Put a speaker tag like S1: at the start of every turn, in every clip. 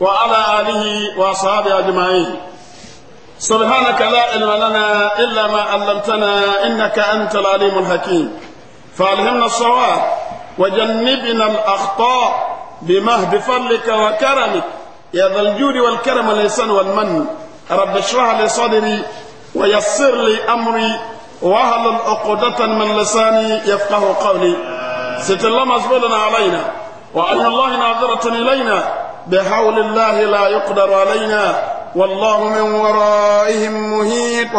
S1: وعلى آله وأصحابه أجمعين سبحانك لا علم لنا إلا ما علمتنا إنك أنت العليم الحكيم فألهمنا الصواب وجنبنا الأخطاء بما بفضلك وكرمك يا ذا الجود والكرم والإحسان والمن رب اشرح لي صدري ويسر لي أمري وهل عقدة من لساني يفقه قولي ست الله مزبولنا علينا وأن الله ناظرة إلينا بحول الله لا يقدر علينا والله من ورائهم مهيط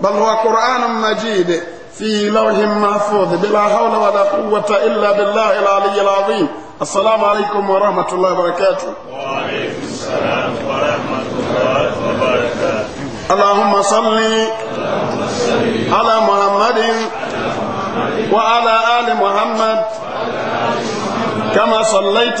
S1: بل هو قرآن مجيد في لوح محفوظ بلا حول ولا قوة إلا بالله العلي العظيم السلام عليكم ورحمة الله وبركاته وعليكم السلام ورحمة الله وبركاته اللهم صل على محمد وعلى آل محمد كما صليت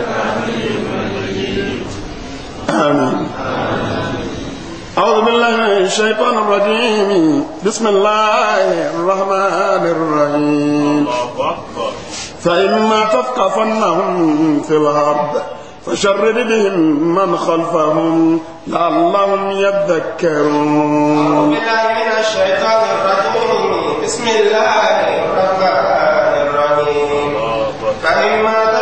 S1: آمين أعوذ بالله من الشيطان الرجيم بسم الله الرحمن الرحيم فإما تثقفنهم في الأرض فشرد بهم من خلفهم لعلهم يذكرون
S2: أعوذ بالله من الشيطان الرجيم بسم الله الرحمن الرحيم فإما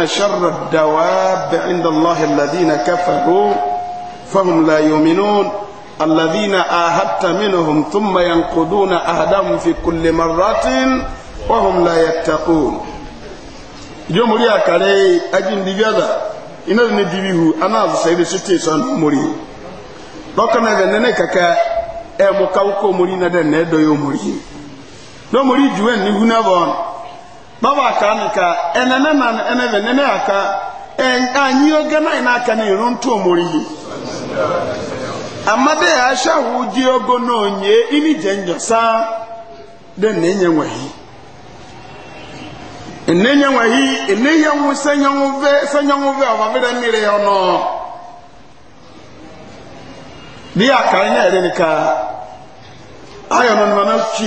S1: إن شر الدواب عند الله الذين كفروا فهم لا يؤمنون الذين آهدت منهم ثم ينقضون أهدهم في كل مرة وهم لا يتقون جمهوريا كالي أجن إن إنا ندبيه أنا سيد ستي سان موري أذن غنني كاكا أمو كاوكو موري ندن ندو نو دوموري جوان نهنا baba aka nka enene na enene nene aka e, anyị oge na ina aka na iru ntu omori amade ya sha ji ogo na onye ini je njosa de na enye nwehi enenye nwehi enenye nwu senye nwuve senye ve ọbabere mmiri ya ọnụ bi aka nye ere nka ayọ nọ na chi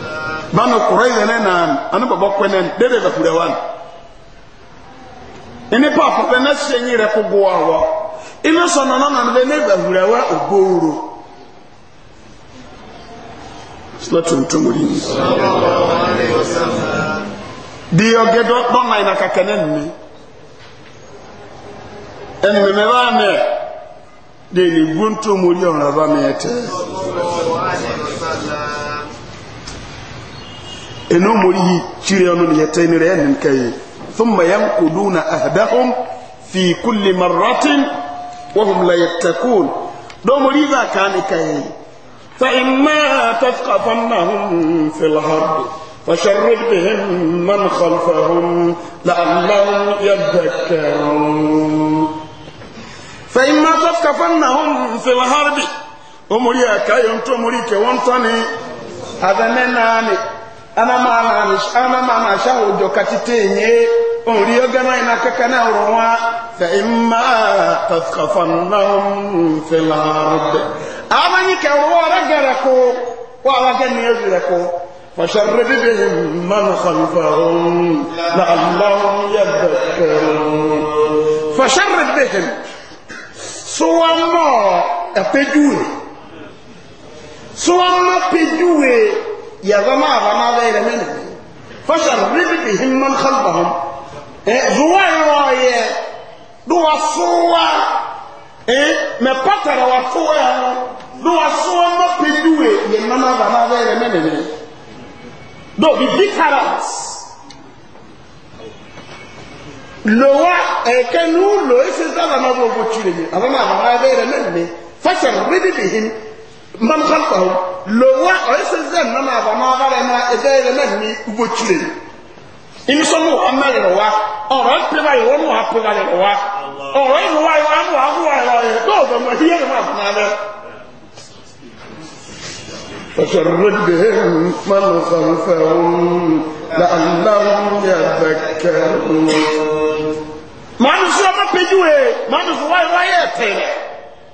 S1: bano kuraiza ne na anu baba kwene dede za kulewana ini papa bene senyire kuguwa wa ime sono na na bene ba hulewa ogoro salatu mtumuri sallallahu
S3: alaihi wasallam
S1: diyo ina kakene nne enne me bane de ni guntu muri ona ba mete te. إنه مريه تريان يتين ريان كي ثم ينقلون أهدهم في كل مرة وهم لا يتكون دو مريضا كان كي فإما تثقفنهم في الحرب فشرد بهم من خلفهم لعلهم يذكرون فإما تثقفنهم في الحرب أمريكا ينتمريك وانتني هذا نناني ana mama shahujo katitinye onriyo gana ina kakana ruwa fa imma tathkafannahum fil ard amani ka ruwa ragara ko wa wa gani yuzira ko فشرب بهم من خلفهم لعلهم يذكرون فشرب بهم سوى ما أبجوه سوى ما أبجوه ya zama a zama zai da mini fashar ribi himman kalbahun zuwa rawaye duwa suwa eh me patara wa fuwa ya duwa suwa ma piduwe ya mana zama zai da mini ne do bi dikarat lowa ekenu lo ese zama ma bo bo chire ni abama zama zai da mini fashar ribi himman man khalfahu lowa oisezem na ma ba ma ba re na ezere na ni ubotire imisomu amere wa oro e peba yo no ha peba le wa oro yo e wa yo anu agu wa yo e do do mo hiye ma na le فشرد من
S2: خلفهم لعلهم يذكرون
S1: ما نسوا ما بيجوه ما نسوا واي واي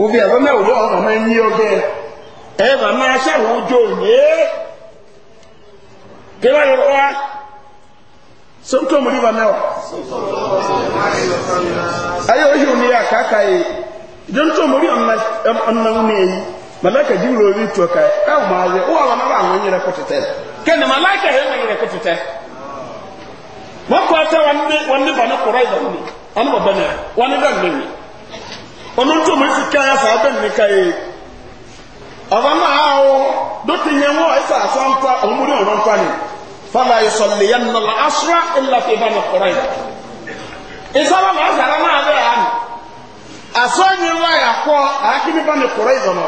S1: obi ẹ̀rọ náà wọ́n ọ̀nà máa ń yí ọbẹ̀ ẹ̀rọ máa ṣàwọn ojú òní kí wọ́n yọ wá sọ́ńtò mú nípa mẹ́wàá. ayé oṣù mi yà kàkà yìí jọ́ńtò mú rí ọ̀nà ní èyí màláìka jí wúlò orí tuọ̀ka ẹ̀ ọ̀ máa yẹ ó wà wọn náà àwọn yẹrẹ kó tètè kẹ́ni màláìka yẹn náà yẹrẹ kó tètè wọ́n kọ́ sẹ́ wọn ní ọmọ tó mọ̀ sí káyà sábẹ́ nìka yìí ọba máa wọ dókè yẹn wọ ẹsẹ àsáńtà ọmọdé ọ̀rọ̀ nfa ni fàlà ìsọ̀lẹ̀ yẹn nà lọ asúrà ńlá fi bá nàkọ̀rọ̀ yìí ìsọ̀rọ̀ máa sàrà náà bẹ́ẹ̀ yà ni asọ́nyi ńlá yà kọ́ àákíní bá nàkọ̀rọ̀ yìí dọ̀nà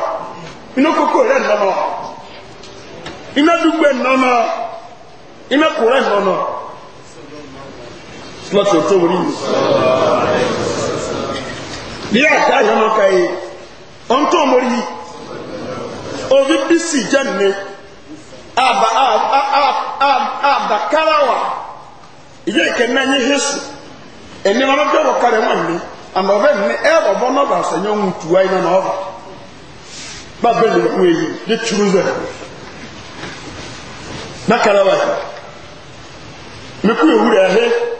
S1: iná kókó rẹ̀ nọ̀nà iná dùgbẹ́ nọ̀nà iná kúrẹ́ nọ̀nà. Slọ́tì ọ̀tọ́ wọlé yìí. bí àṣà yọmọ kàyé ọ̀ntọ́ ọmọrí yìí orí bísì jẹ́nìí àbàkárawà ìyé ìkẹ́nà yìí hẹ́sù ẹni wọn bẹ́ẹ̀ wọ kárẹ̀ wọn ni àmọ́ ọbẹ̀ ní ẹ ọ̀bọ náà bá sẹ́yìn ohun tùwá iná náà ọ̀bà bá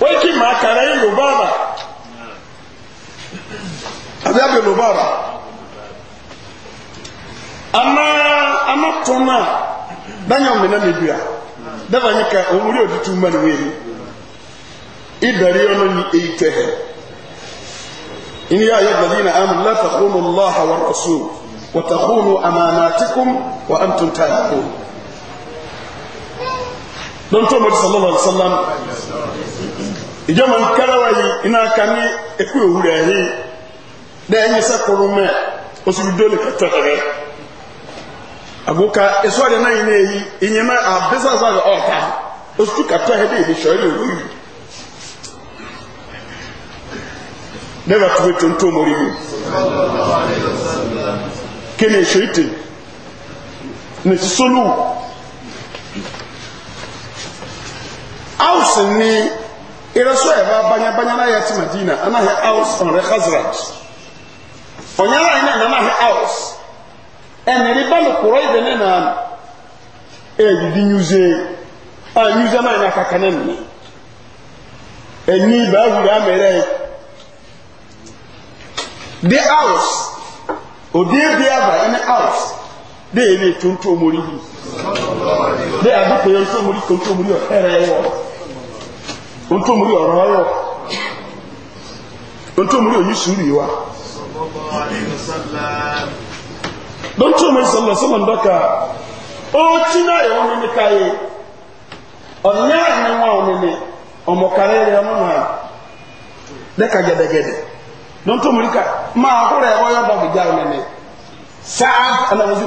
S1: weki maakara yi lubaba abi abi lubaba ama ama tona banya omena medua daba nyika omuri odutu mma ni wei ibari ono ni eitehe إن يا أيها الذين آمنوا لا تخونوا الله والرسول وتخونوا أماناتكم وأنتم تعلمون. دونتو محمد صلى الله عليه
S4: وسلم
S1: ìjọba nkara wa yi ina aka ni eku ewura yi dɛ enyi sɛ koro mɛ osiri dole kata rɛ agoka esu adi na yi na eyi enyema abisa sa ɔta osiri kata rɛ de ebi sɔrɔ yi owu yi dɛbɛ tuwe tontom ori mu kene ehyɛ ite na esisolu ireso eba banya banya na yɛte madina anahe aus ɔnre hazrat ɔnyala ina na anahe aus ɛnere ba no korɔ ibe ne na ɛdidi e, nyuze a nyuze na ina kaka ne ne ɛni e, ba ahuri amere de aus odie bi aba ɛne aus de ebi tontomori bi de adukɔ yɛ ntomori kontomori ɔhɛrɛ ya ntomori ọ̀rọ̀ ọ̀rọ̀ ntomori oyi sùúrù yìí wa ntomori sọlọ sọlọ ndọka ọtí náà yẹ wọn mímí káyé ọ̀nà ẹ̀hìn wọn wọn mímí ọmọ kàrẹ́ yẹ wọn mọ̀ ẹ̀ dẹ́ka gẹ́dẹ́gẹ́dẹ́ ntomori ká máa kúrẹ̀ ẹ̀ wọ́n yọ bọ̀ gbẹ̀dẹ́ àwọn mímí sáà ẹ̀ lọ́wọ́ sí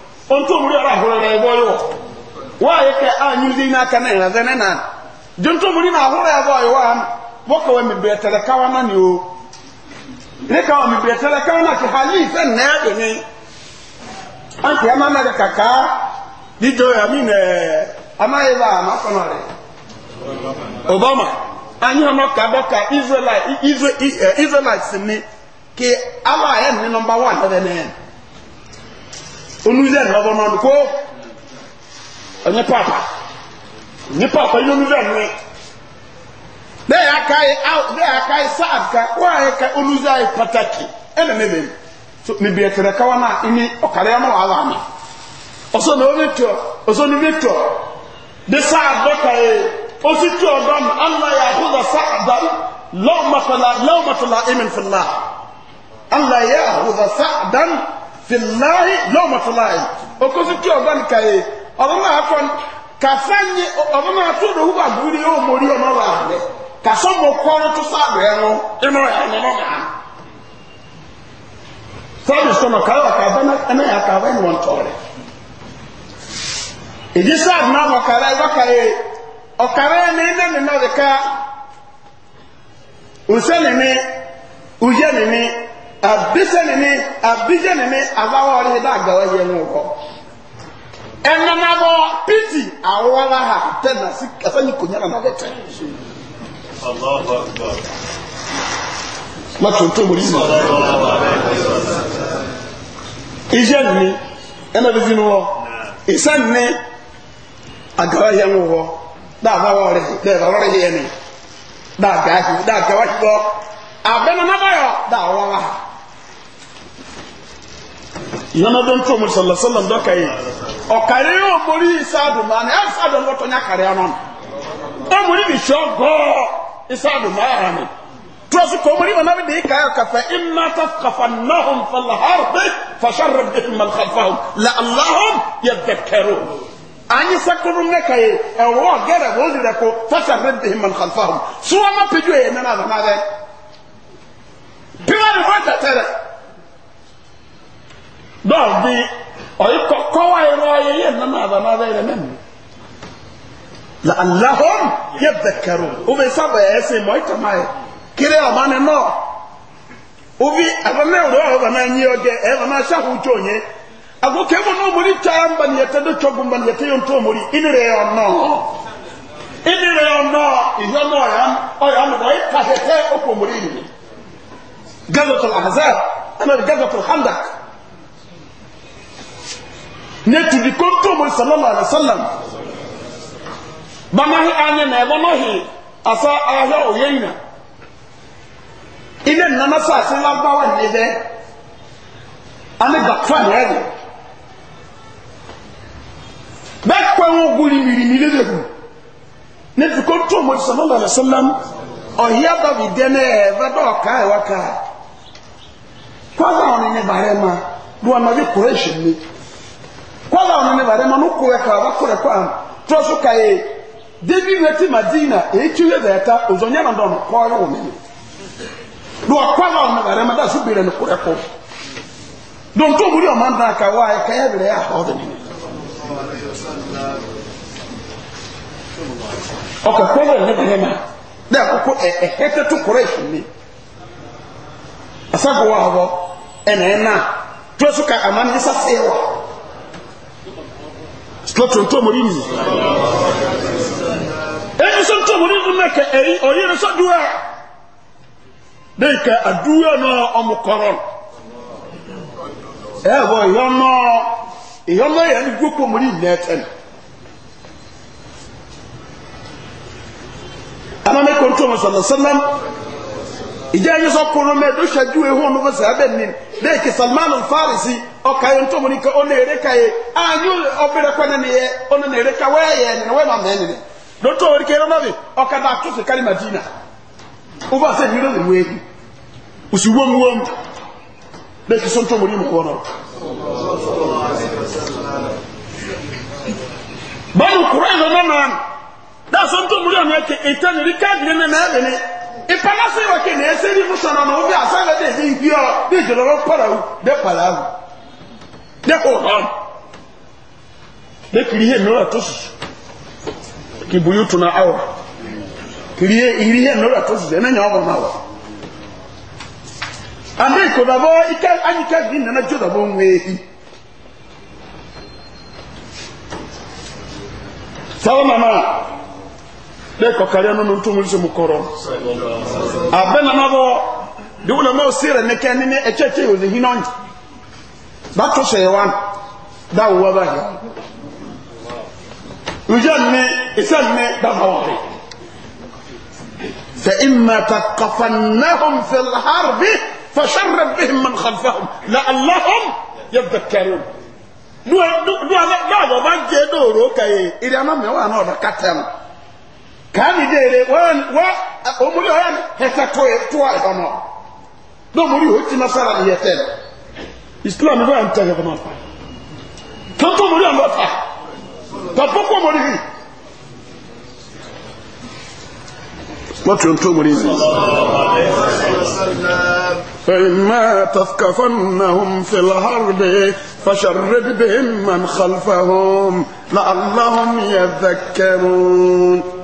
S1: onto muri ara horere boyo wa yake anyu zina kana na zene na jonto muri na horere boyo wa boko we mibetele kawa na ni o ile kawa mibetele kawa na ki halifa na yake ni anti ama na kaka dijo ya mine ama eva ma konore obama anyi hono ka doka israelite israelite ni ki ala en ni number 1 na onuzen hɔbɔ nɔn ko papa nyɛ papa yi ne yɛ aka yi aw ne yɛ aka yi saad ka wa yɛ ka yi pataki ɛna ne so ne kawa na ini ɔkari ama wa ama ɔsɔ na ɔbi tɔ ɔsɔ na ɔbi tɔ de saad dɔ ka yi osi tɔ dɔm ala yɛ saad da matala matala ala yɛ saad dan. bilahi lọ́mọ̀tòláì okosi tí ọgbà ní kàyé ọ̀rọ̀ náà akọ kàfá nyi ọ̀rọ̀ náà tó lóhùn àbúrí yóò mórí ọmọ wà rẹ kàsọ́mọ kọ́rọ́ tó sáàbẹ̀ ẹ̀rọ ẹ̀rọ ẹ̀rọ náà sáàbì sọ̀nà káyọ̀ kàfá ẹ̀nà yà kàfá ẹ̀nà wọn tọ̀ rẹ̀ èyí sáàbì náà wọ̀ kàrẹ́ ẹ̀rọ kàyé ọ̀kàrẹ́ ẹni ẹ̀nà nínú ọ̀dẹ̀ká òsẹ́nìní òyẹ́nìní abisanini abisanini abawa ɔre da yɛ no ɛnanabɔ piti ha tɛ na si asani na nabɛ tɛ. ma tuntun mo yin isanini ɛna bi fi no wɔ agawa yɛ no da abawa da ɔre yɛ ni da ha. ينظر توم صلى الله عليه وسلم دوكاي او كاريو موري سادو انا اف سادو نوتو نيا كاريو نون او موري مي شو غو اسادو ما انا تروس كو موري انا بي كاي كفا اما تفقفنهم في الحرب فشر بهم من خلفهم لا اللهم يذكروا اني سكو نكاي او هو غير بولدي دكو فشر بهم من خلفهم سوما بيجو اينا نا نا بي بيوان وقت تاتا dɔɔbi ɔyi kɔ kɔwa yɛrɛ ayɛ yɛ nana abanaba yɛrɛ mɛ mu la alahom yɛ bɛkɛro o bɛ sábà yɛ sè mɔ ìtàmà yɛ kiri ɔmá ni nɔ obi abamɛ wuro a ɔbɛ náà nyi ɔgɛ ɛ ɔmá sɛ ahu tó nyɛ àgbo kẹfọ náà mo ní tàyà ń bani yẹtẹ dé tọgbọn bani yẹtẹ yẹn tó mo ní ìní rẹ yọ nọ ìní rẹ yọ nọ ìyọ nọ ọyà ọyà mi wọ́n yẹ kàhẹ́tẹ́ ọkọ̀ mo ní yìí gẹ́gẹ́ tó netu di kontu mu sallallahu alaihi wasallam bama hi anya na ebo no hi asa ahya o yeina ile nana sa ase la gba wa ni be ani bakfa na ebe be kwa wo guri miri mi lele ku netu kontu mu sallallahu alaihi wasallam ohia ba bi de na ebe do ka e waka kwa za oni ni barema do na bi ni kwala ɔno ne barima no korɛ kɔ abakorɛ kɔ ano torɔ so kae david wɛti madina ɛkyiwe bɛɛta ozɔnyɛ no dɔ no kɔɔyɛ wo mene de ɔkwala ɔno ne barima da so birɛ no korɛ kɔ donto muri ɔma ndan ka wa ɛkɛyɛ berɛ a ɔde ne ɔkakwala ɔno ne barima dɛ koko ɛhɛtɛ to korɛ ɛfini asago wɔ hɔ ɛna e ɛna e torɔ so ka ama ne nsa seɛ wɔ slotron tó mori nìyí èyí sọ tó mori nìyí mẹkẹ èyí ọyẹ rẹ sọdúwà dèkà àdúwà náà ọmọ kọrọ ẹ wọ ìyọnà ìyọnà yẹn ní gbogbo mori nìyí ẹtẹ nì. anamẹkọ ntọ́mọ sọlọ sọlọ ìjẹ́ ẹni sọ kúrò mẹ́ ló ṣẹ́jú ehun ọ̀nà fẹsẹ̀ abẹ́ ni bẹ́ẹ̀ kì salman alfarisi ọkà yẹn tó mu ní ọ na èrè ka yẹ ààyè ọbẹ̀rẹ̀ pẹ́ nínú yẹ ọ na èrè e ka wẹ́ẹ̀ yẹ nínú wẹ́ẹ̀ náà mẹ́rin lótó orí kẹrẹ náà bẹ ọkà kárí madina ó bá sẹ́yìn rẹ̀ lè wéé òsì wọ́n wọ́n bẹ́ẹ̀ kì sọ tó mu ní mu náà. bọ́ọ̀lù kúrẹ́ ìlú náà náà sọ tó mu ní ọ̀nà ìpamọ́ sí ìwọ̀kì ní ẹsẹ̀ ní fúnṣọ náà wọ́n fi àṣàlẹ̀ dé ní ibi ọ ní ìjọba pàrọ̀ wù dé pàrọ̀ dé kò ihe kì í buyú kiri iri ihe mìíràn tó sùsù ẹ̀ náà náà ike nana ń wé mama. bẹ́ẹ̀kọ̀ kárí ọ̀nà tó mú ìṣòmù kọ̀rọ̀ àbẹ́nà náà bọ́ bí wọ́n náà sí rẹ̀ nìkẹ́ ní ẹ̀kẹ́ tí ò lè hí náà jù bá tó ṣe wá dáwò wá báyìí ìjọ ní iṣẹ́ ní dáwò wá rẹ̀ فإما تقفنهم في الحرب فشرب بهم من خلفهم لعلهم يذكرون دو دو دو دو دو دو دو دو دو دو دو kàánì déere wọn wọn omuli ọyàn hẹsẹ tó ẹ tó ẹfọ náà náà omuli yóò ti nasara ni yẹ tẹ islam bá yà ń tẹ ẹfọ náà fa tonto omuli ọmọ fa tọpọpọ omuli yìí wọn tún tó omuli yìí. فإما تثقفنهم في الحرب فشرد بهم من خلفهم لعلهم
S2: يذكرون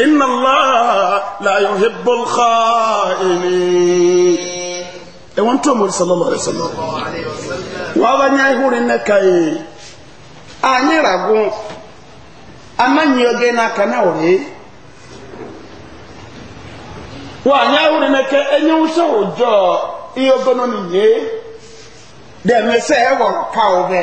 S1: إن الله لا يحب الخائنين ẹ̀wọ̀n tó mọ̀ sọ́lọ́ lọ́rẹ̀ sọ́lọ́ wọ́n bá ní ahúrí nẹ́ka yìí àní ràgùn amáyíọ́gẹ́ n'aka náà rèé wọ́n àní ahúrí nẹ́ka ẹ̀yẹ́ wúṣẹ́ òjò iye ọgbọ́n nìyẹn dẹ̀mẹsẹ̀ ẹ̀wọ̀n ká ọ̀bẹ.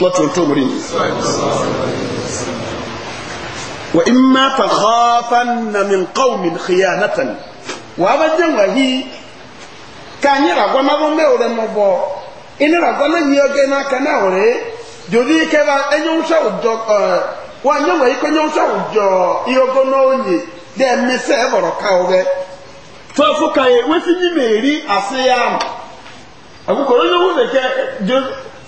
S1: láti ohun tó mú rí ni. wa imma ta khafan na min qawmin khiyanatan wa ba jan wa hi ka nyi ra gwa mabo me ore mo bo ini ra gwa na yi oge na ka na ore jodi ke ba enyo sha ujo eh, wa nyo wa iko nyo sha ujo iogo no onye de mi se e boro ka obe to fu ka e we fi ni meri ase ya akukoro nyo wo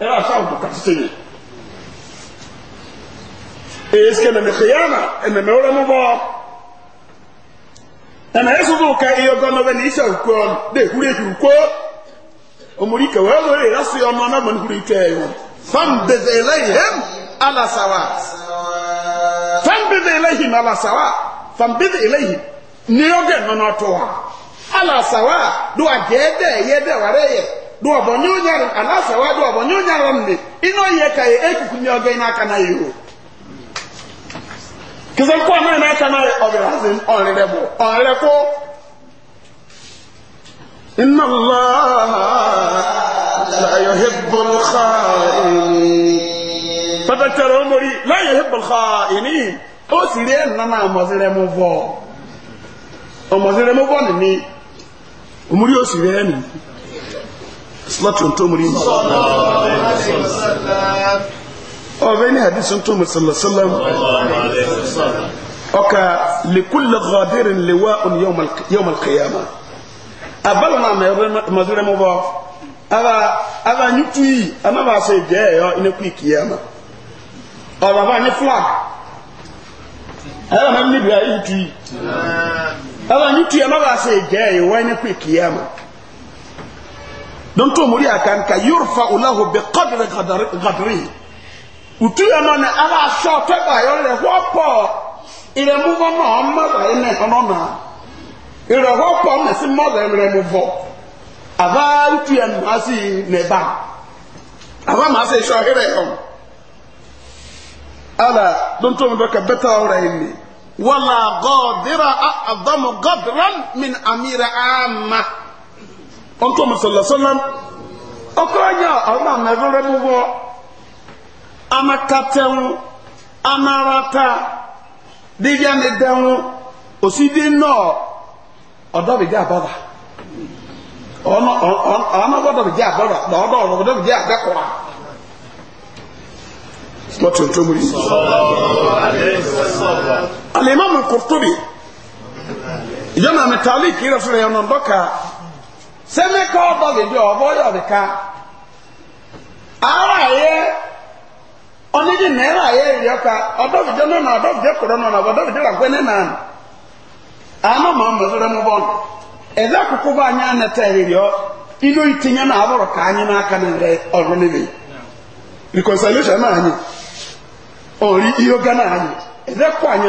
S1: ɛna ahyɛ ahodoka tete yi èyí sikɛ mɛmɛ xeyama ɛmɛmɛ wɛrɛ mu bɔ ɛna ɛsɛ tó ka eyi ɔgɔ nɔbɛ ní isɛ òkú ɔn dé ehuri ehi òkú omori kẹwẹ ɛwɛrɛ yìí lásìkò ɔmọ anamọ ní huri tẹ ɛyọ fam bèbè lẹyìn alasawa fam bèbè lẹyìn alasawa fam bèbè lẹyìn ní ɔgɛ nɔnɔ tó wa alasawa do àjẹ́ dẹ̀ yẹ dẹ̀ wàrẹ́ do ọbọ nye onye ara anasa wa do ọbọ nye onye ara mbe ina oyi ka ye ekuku ni ọga ina na ye o kìsẹ nkọ ọmọ ina na ye ọbẹrẹ azẹ ọrẹrẹ bọ ọrẹrẹ kọ inna allah la yohebbo lkhaini fatakitara omori la yohebbo lkhaini ó sì rí ẹnu náà ọmọdérẹmú bọ ọmọdérẹmú bọ nìní omori ó sì rí صلاه تومري صلى الله عليه
S3: وسلم
S1: او بين حديث تومر صلى الله
S3: عليه وسلم
S1: اوك لكل غادر لواء يوم يوم القيامه ابلنا ما مزور مبا ابا ابا نتي انا ما سي جاي ان قيامه ابا ني فلاك انا ما نبي اي تي ابا نتي انا ما سي جاي وين قيامه don to muri akan ka yurfa ulahu bi qadri qadri utu yana ne ala so te ba yo le hopo ire mu vo no amma ba ene hono na ire hopo ne si mo le ire mu vo ava utu yana asi ne ba ava ma se so here yo ala don to mu ka beta ora inni wala qadira a'zamu qadran min amira amma ọ̀ntọ́ mùsùlùmí sọ́lá ọkọ̀ ọ̀nyà ọ̀nà mẹ́rẹ́rẹ́ mú wọ́ amakatẹ́wọ́ amarata dídíánidẹ́wọ́ òsídé náà abada àbọ̀dà ọ̀nàbọ̀dọ̀bìdí ọdọ ọ̀dọ̀bìdí àbẹ́kọ̀rà lọ́tí ọ̀tọ́ mú rí alìmọ́mù kòtòbì ìjọ́nà mi tààlì kìí rẹ̀ fúnra ẹ̀ ọ̀nà sẹ́mi kọ́ ọ̀dọ́gìdì ọ̀bọ̀ yọ̀dìka ara yẹ ọ̀nìdì náírà yẹ ìyọ́ka ọ̀dọ́gìdì nínú ọ̀dọ́gìdì kúrò nínú ọ̀dọ́gìdì làgbẹ́ nínú àná àná màá mọ̀ ẹ̀sọ́rẹ́ mú bọ́ọ̀nù ẹ̀dá kúkú bá nyá na-abụrụ ka ìtìyẹn na abọ̀rọ̀ anyị n'aka ní rẹ ọ̀rọ̀ anyị òrí iyoga anyị ẹ̀dá kú anyị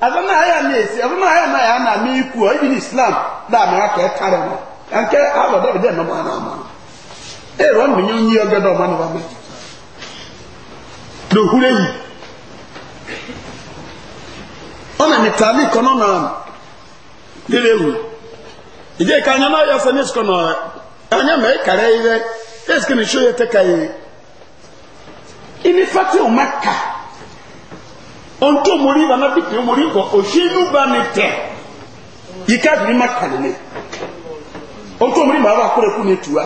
S1: Azụmahịa aya na esi azụmahịa aya ya na mi ku islam da mi aka ọ mo yanke alɔ dɔbi dɛ nɔmɔ ama ero nyi ɔgɛ dɔ na lere wu ije ìka anya na yọ fún ní sukọ náà anya mẹ ìkàrẹ yìí rẹ ka Ontu omori bana bipi omori kɔ osinu ba ni tɛ yika bi ma kani ne onto omori ma ba kore ku ne tuwa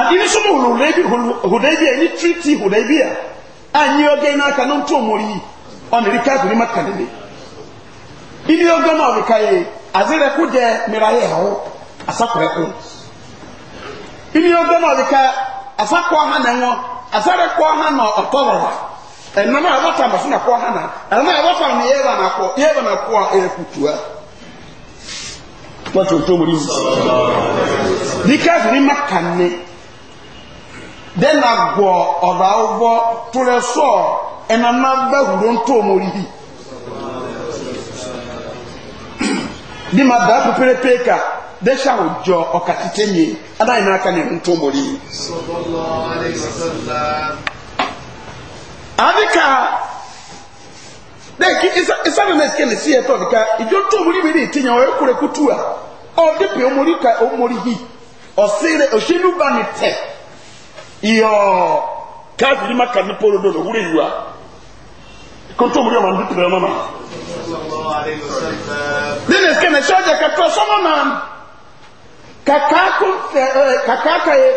S1: adini sɔmu hudebi hudebi a ni tiriti hudebi a a nyi ɔgɛ n'aka n'onto omori ɔniri ka bi ma kani ne ili ɔgɛ ma ɔbi ka ye azere ko jɛ mira ye hɔ asakɔrɛ ko ili ɔgɛ ma ɔbi ka asakɔ ha na ŋɔ asare kɔ ha na ɔtɔ lɔra. ɛnam a ɛbɔtɔ amaso na kɔ ha na ɛnam a ɛbɔtɔ ne yɛba na kɔ na kɔ a ɛyɛ kutua wɔn tuntun mu nimu because ne ma kanne den na gbɔ ɔba ɛnam na bɛ wuro ntɔn mu yi bi ma da peperepe ka de sa ojo ɔka tete nye na n'aka ne ntɔn mu abika deki isabe mesike ne si eto bika ijo to muri biri tinya we kure kutua o de pe omori ka omori hi o sire o shinu ba ni te iyo kazi ni maka polo poro do yuwa ko to muri ma ndipe mama Nene skene shoja katwa somo na kakako eh, eh, kakaka ye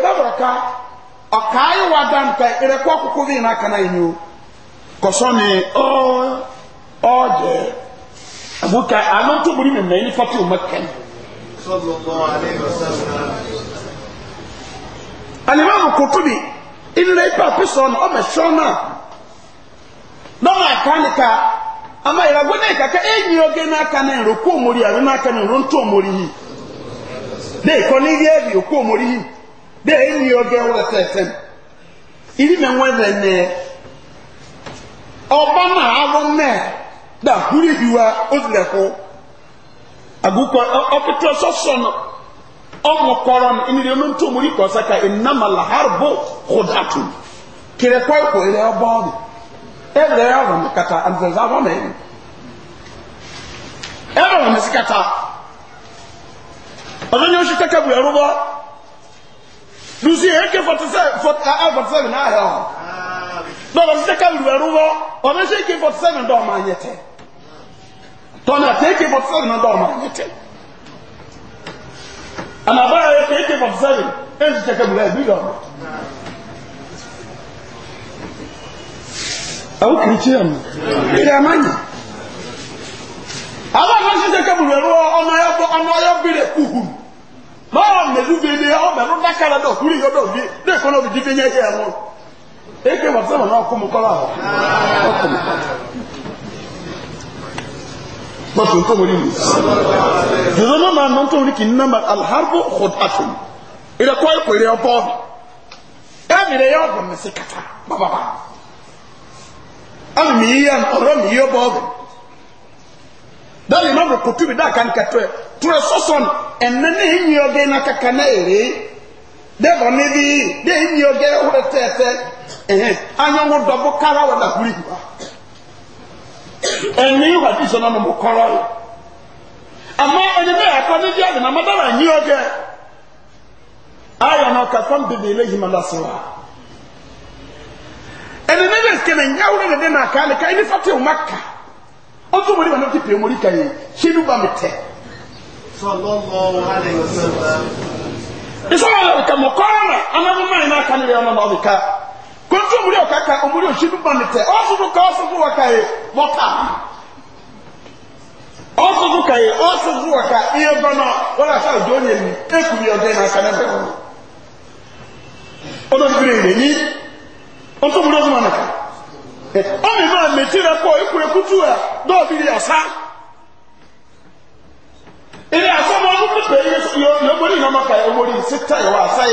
S1: akayi wadan ka kukuvina kana inyu kɔsɔni ɔɔ ɔɔdɛ abuka anan tó mɛmɛ yìí fati o ma kɛn. alimami kutubi ilẹ̀ ipa pisọ̀n ọmọ ẹ̀ṣọ́ náà lọ́mọ àkànníkà ama ìràgbọ́n náà kàkà ẹ̀yìn ọgẹ́ náà kan náà èrò kó omori àbí náà kan èrò ń tó omori yìí dé ìkọ́ ní ilé ẹ̀bì òkú omori yìí dé ẹ̀yìn ọgẹ́ wọ́n ẹ̀sẹ̀ ẹ̀sẹ̀ ìrìnà wọn ẹ̀rẹ̀ nẹ́ẹ̀. ọba na alụ nne agụkọ ọsọsọ ọmụkọrọ ịnịrị ntụ ka ka ịnna ma lahar bụ kere kwa ere ọba ọnụ ya ọrụ kata azịza na ịnụ ere ọrụ m si kata oshi kaka bụ ya rụbọ eke 47 dɔbɔ sɛ ka wuli ɛru wɔ ɔbɛ se ke forty seven dɔw ma nyɛ tɛ tɔnɔ te ke forty seven dɔw ma nyɛ tɛ anaba yɛ te ke forty seven e ti sɛ ka wuli ɛru dɔw ma awo kirikyɛn mu ere ama nyɛ aba na sɛ ka wuli ɛru wɔ ɔnɔ yɛ bɔ ɔnɔ yɛ bi de kuhu mɛ ɔmɛ du bi de ɔmɛ no dakara dɔ kuli yɔ dɔ bi de kɔnɔ bi di bi eke wasema na okumukora aho okumukora bọ́sùn tó wọlé mi jùlọ náà máa nọ́ntọ́ wọlé kì í nàmbà alharbo kòtàtùn ìrẹ́kọ́ ìpèrè ọbọ̀ ẹ̀mìrẹ́ yọ ọ̀bọ̀ mẹ́sì kàtà bàbàbà ẹ̀mì mi yíyá ọ̀rọ̀ mi yíyá ọbọ̀ ọbẹ̀ dáàlì náà bọ̀ kòtù mi dáàkà nkàtọ́ ẹ̀ túrẹ̀ sọ́sọ́n ẹ̀nẹ́ ní ìyí ọgẹ́ náà kàkà náà èrè dẹ́bọ̀ níbi dẹ́ ìyí ọgẹ́ ọ̀rẹ́ tẹ́ẹ̀tẹ́ẹ̀ anyanwụ dọbụ kara wada kuru ihuwa ẹni ihuwa ti na nọnụ kọrọ ya ama ẹni bẹẹ akọ ní díẹ nínú amadara nyi ọgẹ ayọ náà kàfọ mbèbè eléyìí má lásìwà ẹni nílẹ sikẹlẹ nyáwó rẹ dẹdẹ náà kàá nìkan ẹni fati ọmọ bá mi tẹ. kóńtó omúlé ọ̀kàkà okaka òṣèlú mọ̀nìtẹ̀ ọ̀ṣunṣun ká ọ̀ṣunṣun wà káyé mọ́ta ọ̀ṣunṣun káyé ọ̀ṣunṣun wà ká iye gbọ́nà wọ́n lọ́ọ́ sáà òjò yẹn ni ekù ọ̀dẹ́ náà kàn ẹ̀bẹ̀ wọn. ọdún ìrẹ̀ yìí mọ̀nìtẹ̀ mẹ̀tí rẹ̀ pọ̀ rẹ̀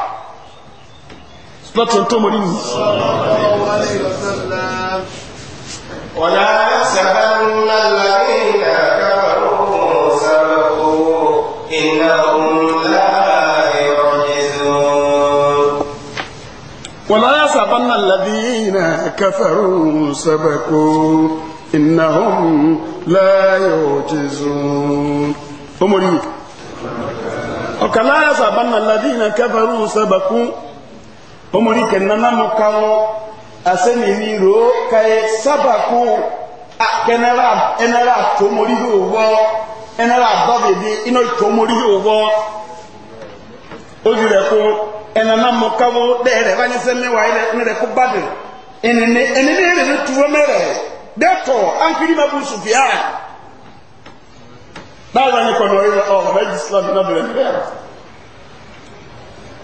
S1: látún tó mọ̀rí mú.
S2: Wàlá sàbánà láàrin àkàbàrò sàrò iná òmùlá ìrọ̀jẹ̀zọ́.
S1: Wàlá sàbánà láàrin àkàbàrò sàbàkò iná òmùlá ìrọ̀jẹ̀zọ́. Ó mọ̀rí mú. Ọ̀kàlá sàbánà láàrin àkàbàrò sàbàkò omori ke nana mo kawo asemi mi ro kae sabaku kenera enera to mori do wo enera ụgwọ de bi ino to mori do wo ojure enana enene mere deto ankiri mabu sufia na ni kono ile oh, na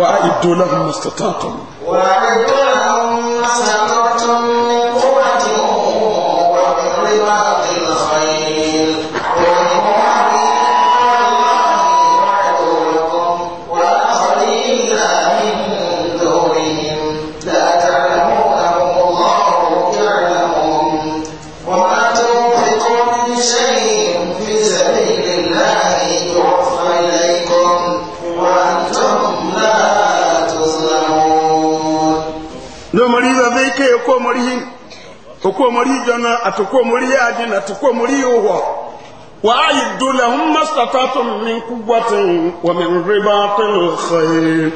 S1: وأعدوا لهم ما استطعتم
S2: وأعدوا لهم ما استطعتم من قوة ومن رباط
S1: okuwa muri jona atukuwa muri yadin atukuwa muri yuwa وأعد لهم ما استطعتم من قوة ومن رباط الخير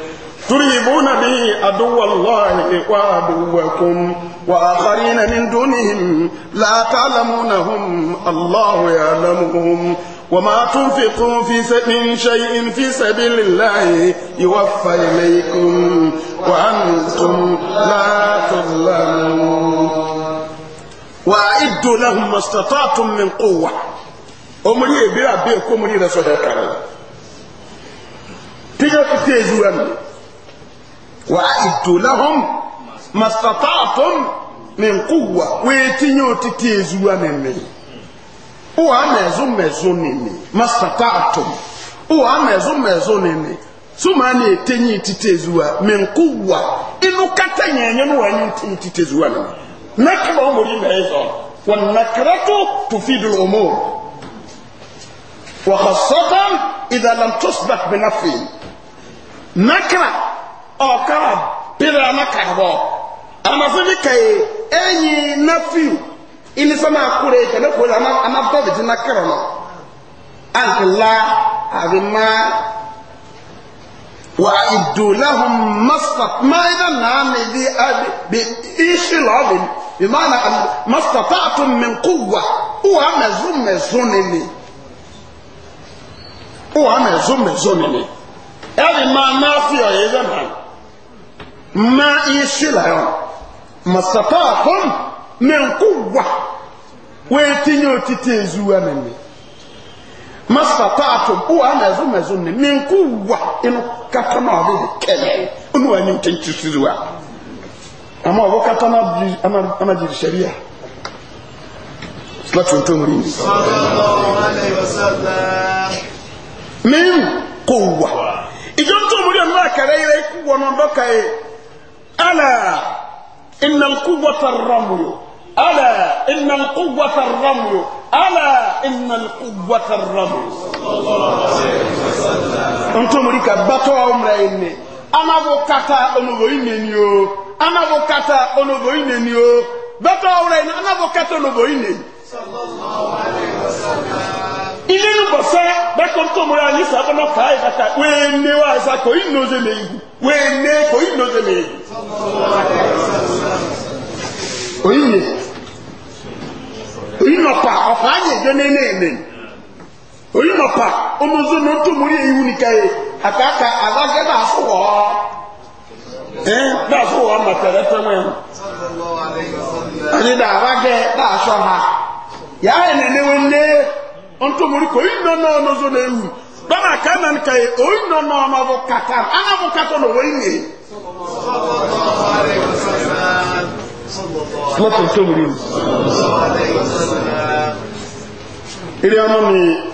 S1: تريبون به عدو الله وعدوكم وآخرين من دونهم لا تعلمونهم الله يعلمهم وما تنفقوا في من شيء في سبيل الله يوفى إليكم وأنتم لا تظلمون وأعدوا لهم ما استطعتم من قوة أمري بلا بيك أمري رسول الله تجد تيزوان وأعدوا لهم ما استطعتم من قوة ويتنيو تتيزوان مني وأمازو مزو مني ما استطعتم وأمازو مزو مني suma ne etenyi titezuwa menkuwa inu kata nyenye no wanyi titezuwa nini nakira omori na ɛzɔ wɔn nakira to tufi do omo wɔkɔsɔtam idalam tosbak bena fi nakira ɔkara pere ana kaabɔ amase bi ka ye ɛnyi nafiw inisɛn akure yi kɛlɛ kore ana ana bɔ de ti nakira no ankila arima وأعدوا لهم مصفى ما إذا نعم بإيش العظم Um, I maana m masapaa tụm ụwa mezu mezu nii. ụwa mezu mezu nii. Ebe maa n'afi ya ya ya naa maa ihe si naa masapaa tụm mị nkuwa wetinye oti eziwa na ni. Masapaa ụwa mezu mezu nii mị nkuwa ị na ọ bụ n'ekele. Onye na-echu tiriwa. ama ɔbɔ kata ana gyiri hyɛria slatin tó mu rinji. min kò wà ìjọ tó mu rinji náà kẹrẹ yẹrẹ ikú wọn náà yẹ ala ìnànkúwọ́ta rọmùlò ala ìnànkúwọ́ta rọmùlò ala ìnànkúwọ́ta rọmùlò. ntòmùrí ka gbàtọ́ ọmọ rẹ̀ yìí ni. anavokata onovo ineni o anavokata onovo ineni o bẹtọ ọrẹ ni anavokata onovo ineni. ilé nubọsẹ bẹtọ ntọmọrẹ anyi sábọnà ká ìbàtà wéé né wá ẹsà kò ìnọzẹ lẹyìn wéé né kò ìnọzẹ lẹyìn. oyinọpa ọmọdé ní ọtún mú ní ewu nìka yìí àkàkà na náà fò wọ́ ẹ náà fò wọ́ màtẹ̀rẹ́ pẹ́mẹ́ ọdún náà àgbàgbé náà sọ ha ya yẹn nne ọ ní ọtún mú ní kò oyinọ náà ọmọdé na ewu bẹ́ẹ̀ àká náà nìka yìí oyinọ náà tó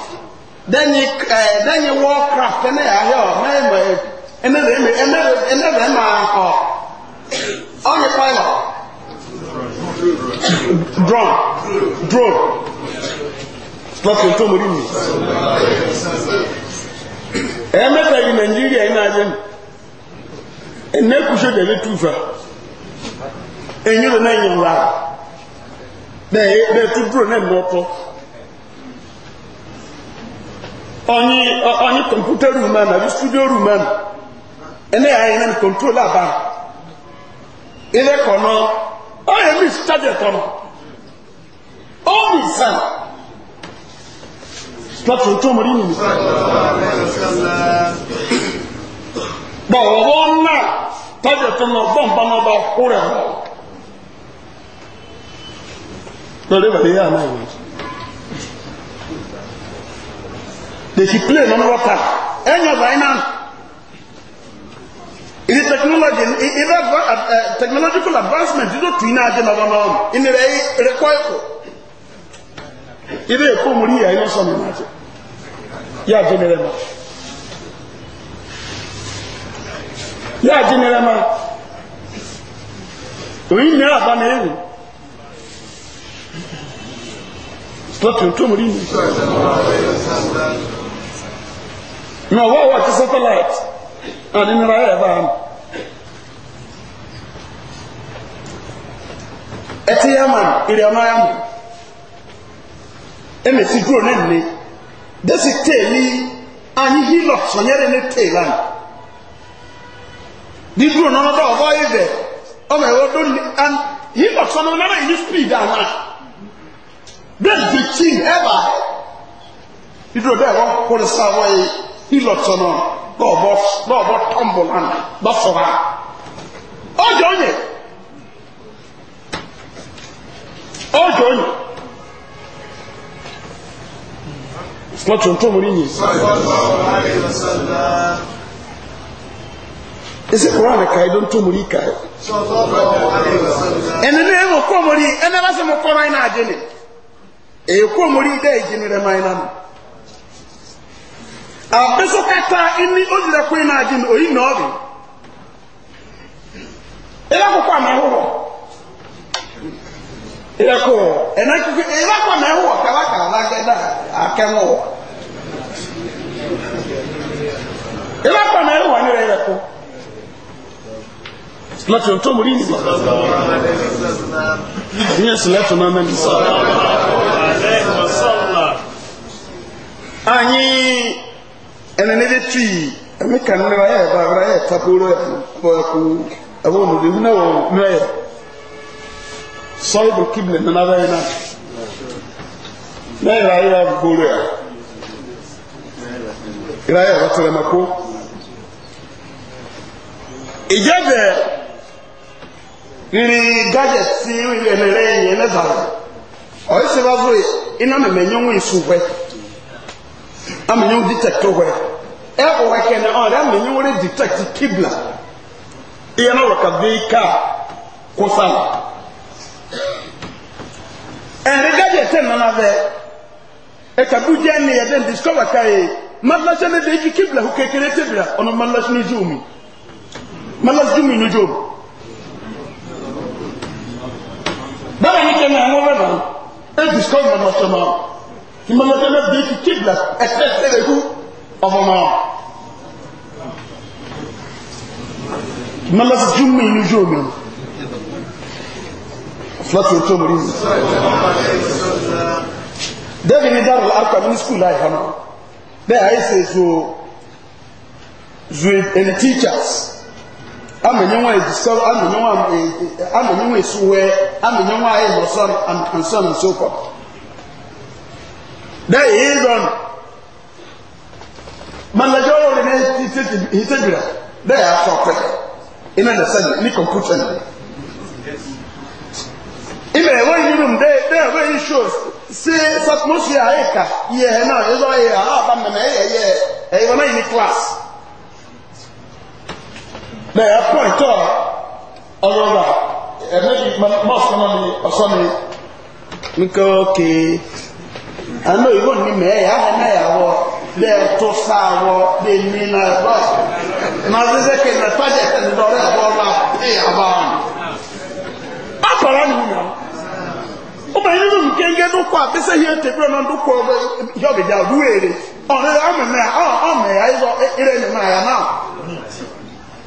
S1: dɛnyi ɛɛ dɛnyi wɔkraft ɛnɛ yahɛ ɔ mɛmɛ ɛnɛ rɛ mɛ ɛnɛ rɛ ɛnɛ rɛ ma ɔ ɔnyi pilot drone drone lọsọ tó mo rí mi ẹ mẹta yìí nàìjíríà yìí n'ajẹ mi ẹnẹ kùsọ dẹbi tufa ẹnyẹrọ náà yẹn wura bẹẹ bẹẹ tó drone náà mọ ọtọ onye onye kọmputa room a na studio room a ɛnna yɛ ayɛ nan control aba ɛdɛ kɔ no ɔyɛ mi target kɔ no ɔmi san platform tó mo di nìyí. bɔn wɔn na target no bɔn ba na ba kúrɛ lórí ìbàdí yà á náà yẹ. They should play non-water. Any of them. It is technology. It is a, uh, uh, technological advancement. You don't twin agent of an arm. In a require. It is a form of the same matter. Yeah, general. Yeah, general. We never have an enemy. Stop your tomb na ọwọ́ ọwọ́ ti satellite àní nira ẹ̀ bá mi. ẹ ti yá màmú ìrìn ọmọ yá mú ẹ mẹsì dúró ní nìyí desi tèèlì anyi hílọ̀ sọ̀nyẹ́rẹ́ ní tèèlì àná ní dúró náà bá ọ̀bọ̀ yìí bẹ̀ ọmọ ẹ̀wọ́ dó ní an hílọ̀ sọ̀nà náà yìí ní speed àná bẹ́ẹ̀ bìtì ẹ̀ bá ní dúró bẹ́ẹ̀ wọ́n kó lè sáwọ́ ilọ̀tọ̀nà bọ́ọ̀bọ́ tọ́mbọ̀lán bọ́sọ̀rá ọjọ́ onye ọjọ́ onye lọ́tún tó múrí yìí isi kùránì kàí ló ń tó múrí kàí ẹni ní ẹ̀rọ kọ́ múrí ẹni bá sì mú kọ́ máa ń náà jẹ́ ni èyí kọ́ múrí dẹ́ ìjìnlẹ̀ máa ń náà ọ̀pẹ́sọ́ kẹta ní ó jìlẹ̀ pé náà jìn òyí náà rí ẹlẹ́kọ̀ọ́kọ́ àmẹ́húhọ̀ ẹlẹ́kọ̀ọ́ àmẹ́húhọ̀ kẹwàkàwà lágẹ́dà àkẹ́wọ̀ ẹlẹ́kọ̀ọ́ àmẹ́húhọ̀ Anyị. láti ọ̀tọ́ rí náà mẹ́rin ɛnɛ ne bɛ tu yi ɛmi kan ne ba yɛ ba ba yɛ taporo yɛ ko ɛko ɛwɔ no de hu na wɔ mɛ yɛ sɔyi do kibile nana bɛ yɛ na ne yɛrɛ ayɛ yɛ gbolo yɛ yɛrɛ ayɛ yɛ tɛrɛ ma ko ìjẹ́ bẹ̀ riri gadget sí riri ẹ̀rẹ́ yẹn lẹ́zàrà ọ̀yẹ́sẹ̀ bá fún iná mẹ̀mẹ̀ nyọ́wọ́ ìsú wẹ̀ amẹ̀nyọ́wọ́ detect wẹ̀ ɛkɔ wɛkɛ na ɔn ɛmɛ nyi wɔre detect kibla iye na wɔka bee kaa kɔsan ɛnri gajɛ tɛ nana bɛ ɛkabu jɛ ne yɛ dɛn discover ka ye malasɛ ne de eki kibla ko kekere te bila ɔno malasɛ ne ju malasɛ ju ne ju mi ni kẹ́mi àwọn ọmọ náà ẹ discover malasɛ náà malasɛ ne de kibla ɛsɛ ɛsɛ ɛhu. ọmọmọ mọ́lá sí júmọ̀ inú jù omi fúlọ́tí ó tó mú rí mi david ní dáàrù alka ní skúl láì hànà bẹ́ẹ̀ àìsè so zuwe ẹni teachers amẹ̀nyẹ́wọ̀n ìdìsọ́ amẹ̀nyẹ́wọ̀n ìsúwẹ́ amẹ̀nyẹ́wọ̀n ayé mọ̀sán and concern and so forth bẹ́ẹ̀ yi rọrùn manager ọ̀rọ̀ rẹ̀ ìtẹ́jìrà bẹ́ẹ̀ yà sọ pẹ́ iná nà sẹ́yìn ní kọ̀mpútà nà. ibẹ̀ ẹ̀wọ́ yìí nínú bẹ́ẹ̀ ẹ̀wọ́ yìí ṣó sí sọtmọ́sì àyíká yẹ ẹ̀ náà ẹ̀ lọ́ọ́ yẹ àbá mẹ́mẹ́ ẹ̀ yẹ ẹ̀ yẹ ọ̀nà yìí ní kíláàsì. bẹ́ẹ̀ ẹ̀ pọ́ìntọ́ ọ̀rọ̀ rà ẹ̀mẹ́bí mọ́ọ̀sì náà ni ọ̀sọ́ mi.
S2: nkọ́ kè é àná
S1: ìwọ̀n ni mẹ́ẹ̀ yà á bẹ́ẹ̀ tó sáwọ́ bẹ́ẹ̀ ní náà ẹ̀rọ náà ṣiṣẹ́ kẹlẹ̀ tọ́jà ẹ̀dọ̀rẹ́ ẹ̀bọ̀ ọba ẹ̀ àbá wọn. akọ̀rọ̀ nù nà obìnrin nínú kéńké dúkọ̀ àbísẹ́ yẹn tèbúrẹ́ náà dúkọ̀ yọ̀bìjà òdúwèrè ọ̀rẹ́ ọ̀mẹ̀mẹ̀ ọ̀mẹ̀yà ìzọ eré nínú àyà náà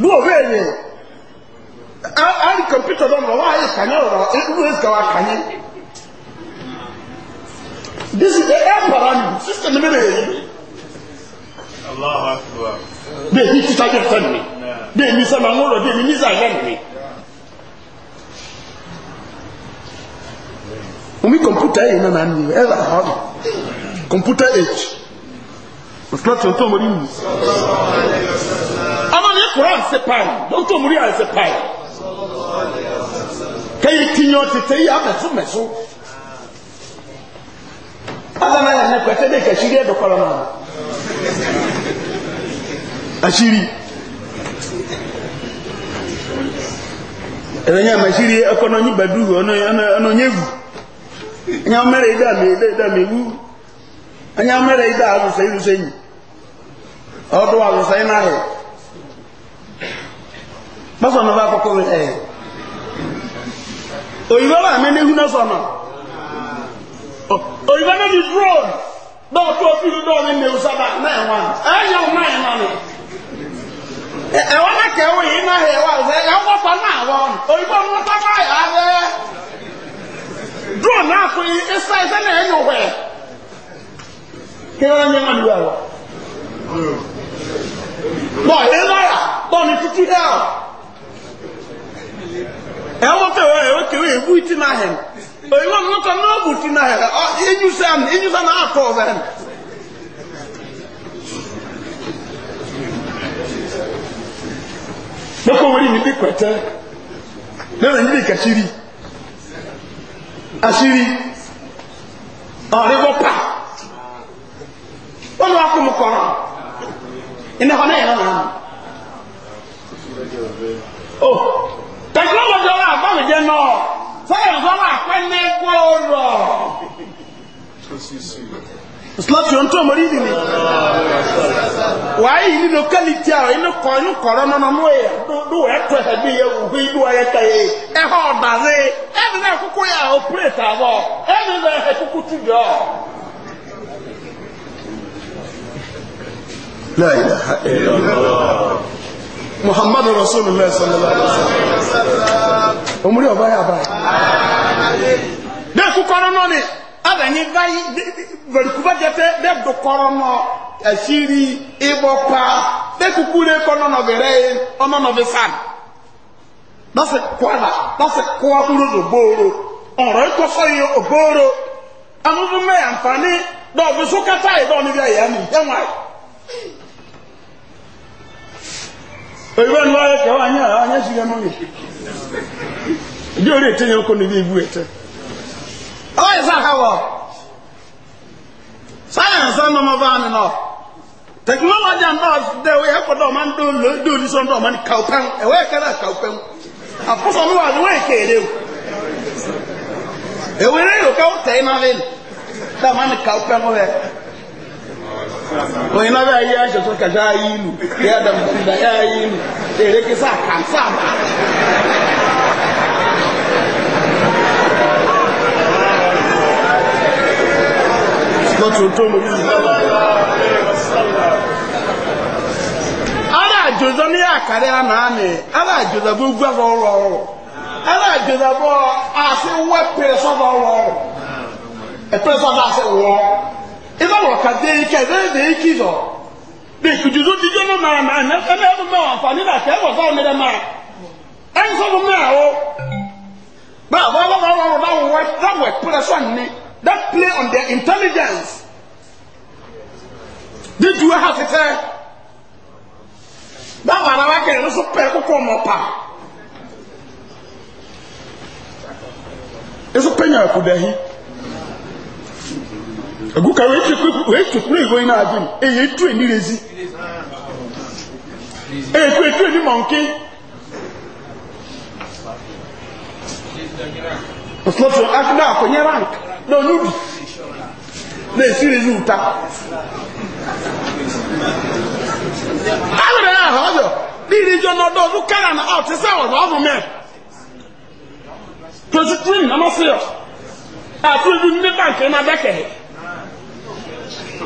S1: dúwòwèrè ari kọ̀mpútà dọ́nà wọ́n ayé kànyẹ́ ọ̀rọ̀ ẹ̀dúwẹ̀ gàwà kànyẹ́. this is the air paranum system mẹ́rẹ̀ẹ́rẹ́
S3: bẹ́ẹ̀ ní títà jẹ́ fẹ́ mi
S1: bẹ́ẹ̀ ní sẹ́mà ń wọ́rọ̀ bẹ́ẹ̀ ní nísà yẹ́ mi. omi kọ̀mpútà yìí náà náà nìyẹn ẹ̀rọ àwọn kọ̀mpútà age ọ̀sùlọ́tì ọ̀tọ́ mọ̀rí mi. ọmọ ní koran ṣe pan ọ̀tọ́ mọ̀rí à ṣe pan kẹ́yìn tiyan tètè yìí amẹ̀sùmẹ̀sù. ọ̀sán náà yà ní ẹ̀kọ́ ẹ̀ṣẹ́ dé kẹ̀ṣí rí ẹ̀dọ̀kọ̀rọ̀ àṣírí ẹ̀rẹ́yìn àmàṣírí ọkọ̀ náà yíba dúró ọ̀nà yẹ́gù ẹ̀yà mẹ́rẹ̀ ìdá mi wú ẹ̀yà mẹ́rẹ̀ ìdá àzùsẹ̀ ìrùsẹ̀ yìí ọdún àzùsẹ̀ náà rẹ̀ bọ́sọ̀nà bá kọ́kọ́ rẹ̀ òyìnbó rà mí ní húnà sọ̀nà òyìnbó náà ti dúró dọ́ọ̀tún òfin dọ́ọ̀ ní mẹ́rù sábà náà wà ẹ̀yà náà wà ní. ẹ̀wọ́n náà kẹ́wọ́ yìí náà yẹ wá ọ̀sẹ̀ ẹ̀wọ́n náà tán náà wọ́n òyìnbó ọmọ tán náà yà á bẹ́ dùn náà fún yìí ẹsẹ̀ ẹsẹ̀ náà ẹ̀yìn òwẹ̀ kí wọ́n yẹn máa lu ẹ̀wọ̀ bọ̀ ẹ̀ lọ́yà bọ̀ ní títí hẹ́ ọ̀ ẹ̀wọ́n bẹ́kọ̀ wọ́n rí ní pípẹ̀tẹ́ lẹ́nà yìí nìkan ṣírí àṣírí ọ̀rẹ́gbọ́ pa wọ́n wá kó mu kọ̀rọ̀ iná hàn náà yẹn náà o tẹkinọlọgì ọ̀rọ̀ àbáwìjẹ náà sáyẹnsì ọ̀rọ̀ àpẹnẹgbọ ọ̀rọ̀. slọtụ ntụomori nini wàá yìí nínú kálítì àwọn inú kọ inú kọrọ nínú nínú yẹ dùwọ̀ ẹ̀tọ́ ẹ̀bí yẹ wùhú inú ayé káyé ẹ̀họ́ ọ̀dàdé ẹ̀mí náà kúkú yà ó pírètì àbọ̀ ẹ̀mí náà ẹ̀ kúkú tù jọ. muhammadu rasulillah sallallahu alaihi wa sallam omuri ọba yà báyìí. dẹ́kun kọ́nọ́ náà ni. abanyi bayi barikuba jate be dokoro no asiri ibo pa be kukure ko no no bere ono no be fan dase kwala dase kwa uru do boro onro ko so yo oboro anu bu me anfani do bi so kata e do ni bi aya mi e nwa Ewe nwa ya ke wa anya anya shiga mo mi. Jo re tenye ko ni bi ibu
S2: ɔyɛ sɛ aka wɔ
S1: sáyẹnsì ɛnna ɔmɔ bá mi nọ tẹkinọlọgya náà dẹ ẹ kọ dọ ọmọ ndó ndó nisọ ndó ọmọ ni kawupẹm ẹwọ ẹ kẹrẹ kawupẹm àkóso mi wà lóye kéde o ewere yòókè ó tẹ ẹ náà lé dá ọmọ ni kawupẹm rẹ oyin náà bẹ yẹ ẹsẹ sọ kẹsẹ ayé ìlú yẹ ẹdẹmùsùn dá yẹ ayé ìlú èrè kí sá kàn bá. tún tó mú yìí. ara àjòzọ ní àkàrẹ́ ànáàmì ara àjòzọ bó gbẹ́fọ́ ọrọ̀ ọrọ̀ ara àjòzọ bó àṣẹ wọ́ pèrè sọ́fọ́ ọrọ̀ ọrọ̀ ẹ̀pẹ́ sọ́fọ́ àṣẹ wọ́ ilé ọ̀rọ̀ kan dé ike ẹ̀dẹ́ ẹ̀dẹ́ ike ìzọ̀ bí ìkùjùzọ ti jẹ́ mọ́ màrà màrà ẹ̀mẹ́ ẹ̀dùn mẹ́wàá àǹfààní that play on their intelligence Did you have dídú ẹ̀ hàtẹ́tẹ́ báwo ara wa kẹrin ló pẹ́ kókó ọmọ pa èso pẹ́yìn àkú dẹ́hìn ègúkà wèé tùkúrò ìwé iná àdìm to ètú èní rezi èyí ètú èní mọ̀nkí. Oslotu akida akonye rank na onye na esiri zu ụta. Alụrụ ya ahụ ọjọ n'iri jọ n'ọdọ ọdụ kara na ọtị sị ọzọ ọzọ mee. Tozutu na amasị ya. Atụ ibu ndị bank na bekee.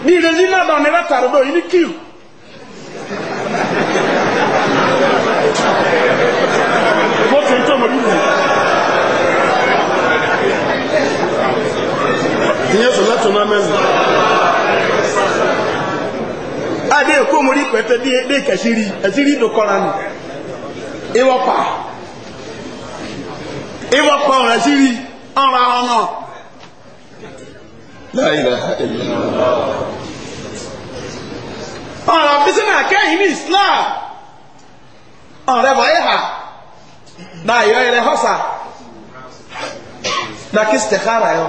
S1: N'ire zi na dọ n'ire tara dọ ili kiu. ìyẹn sọ láti ọ̀nà mẹ́rin adé èkó mo rí pẹ̀tẹ́ dé kẹsìrì ẹ̀sìrì ìdókọ́ra nù ìwọ́pà ìwọ́pà ọ̀rọ̀ ẹ̀sìrì ọ̀rọ̀ ọ̀nà ọ̀rọ̀ bísínà kẹ́yìn ní islam ọ̀rẹ́ bọ̀ ẹ̀hà náà yọ ẹ̀rẹ́ họ́sà náà kí sìtẹ̀kára yọ.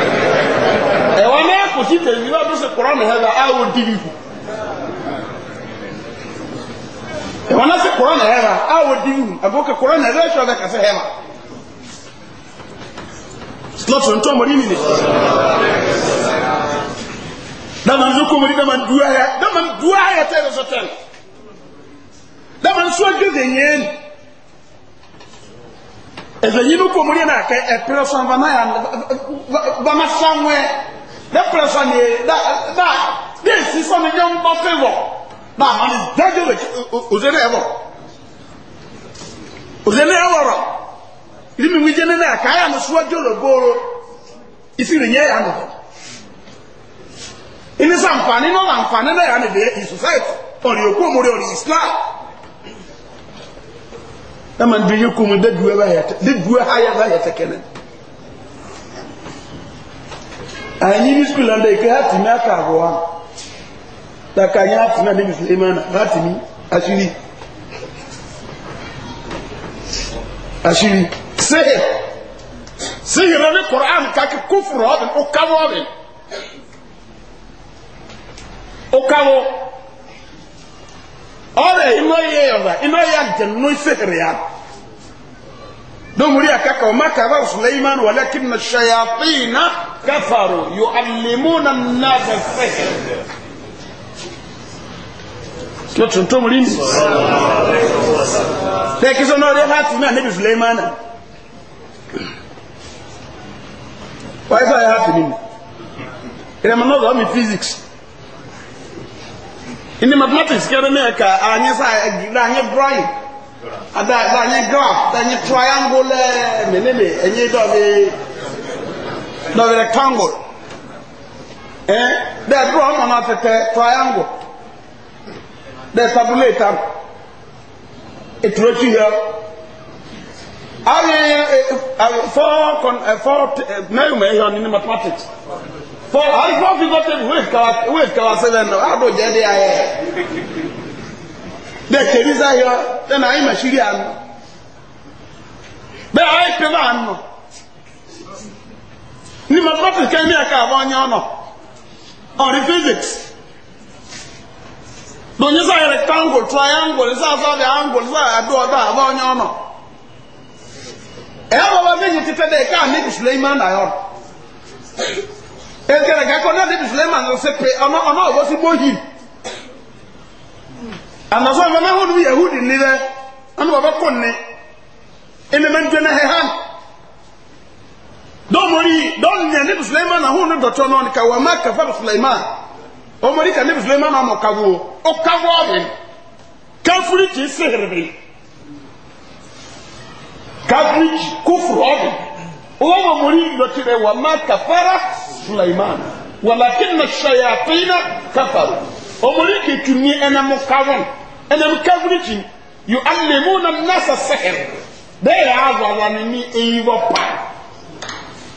S1: ne ko si te yiwa do se kora ne hega a wo diri ku e wana se kora ne hega a wo diri ku ago ke kora ne hega sho da ka se hema slot on to mori ni ne da man zo ko mori da man duwa ya da man duwa ya te so ten da man so de de nyen ezeyi no ko ne pɛrɛsɔn ni ye na na ne ye sisan ni ɲɔgɔn ba fɛn wɔ na a ma ni dajɔ bɛ o zɛnɛ yɛ wɔ o zɛnɛ yɛ wɔrɔ ni min wi jɛnɛ yɛ k'a y'a ni suwajɔ lɛ booro isiri ɲɛ y'a nɔ ini sa nfani n'o la nfani ne y'a ni bɛ in society ɔni o ko mo de ɔni islam ɛmɛ n bi yi kun mi de duwe ha yɛ tɛ kɛnɛ anyi bi sukuu landa eke hati mi aka aboa taka anyi hati na nebi suleimana hati mi asiri asiri sehe sihiri ni koran kaki kufuru ɔbi ɔkawo ɔbi ɔkawo ɔbɛ ino yɛ yɔba ino yɛ aljanu sihiri ya domuri akaka ɔma kaba suleimana walakin na shayatina. كفروا يعلمون الناس السحر lọ́tún tó múrí ní tẹ́kí sọ náà rí láti náà níbi suleimana wáyé ya hafi nínú ìrẹ̀mọ̀ náà lọ́mí physics inú mathematics kẹrẹ mẹ́ẹ̀ka àyẹ́ sáà ẹgbẹ̀rẹ̀ àyẹ́ brian àdáyẹ́ graph àyẹ́ triangle mẹ́lẹ́mẹ́ ẹ̀yẹ́ dọ́ọ̀lẹ́ the rectangle eh they draw on a uh, triangle they tabulate am it reach here ayi ah, eh, eh, eh, four con four mẹ́rin mẹ́rin ọ̀nìní mathematics four ayi ah, four figurative wait kala wait kala seven na ado jẹ de ayẹ de keriza yọ de na ayi ma siri anu bẹẹ ayi pe ba anu ni mathematics kẹ́ ní ẹ̀ka àbọ̀ ọ̀nyẹ́ ọ̀nà ọ̀rí physics lónìí sáà rectangle triangle sáà sábẹ̀ angle sáà àdó ọ̀dọ̀ àbọ̀ ọ̀nyẹ́ ọ̀nà ẹ̀ wọ́n wá méjì títẹ́ dẹ̀ ká ní bìsùlẹ́mán ayọ̀ ekele kakọ náà ní bìsùlẹ́mán ló ṣe pé ọ̀nà ọ̀nà ọ̀bọ̀ sí bóyì ànàsọ̀ ọ̀nà náà wọ́n domori don ni ne suleiman ahu no dɔtɔ no ka wa ma kafa suleiman omori oh, ka ne suleiman ama kawo o kawo be kafuri ti sehre be kafuri kufru obe o wa mori dɔtɔ re wa ma kafara suleiman walakin ash-shayatin kafaru omori oh, ke tuni ena mo kawo ena mo kafuri ti yu'allimuna an-nasa sihr dai ya azwa wa ni ni eyi wa pa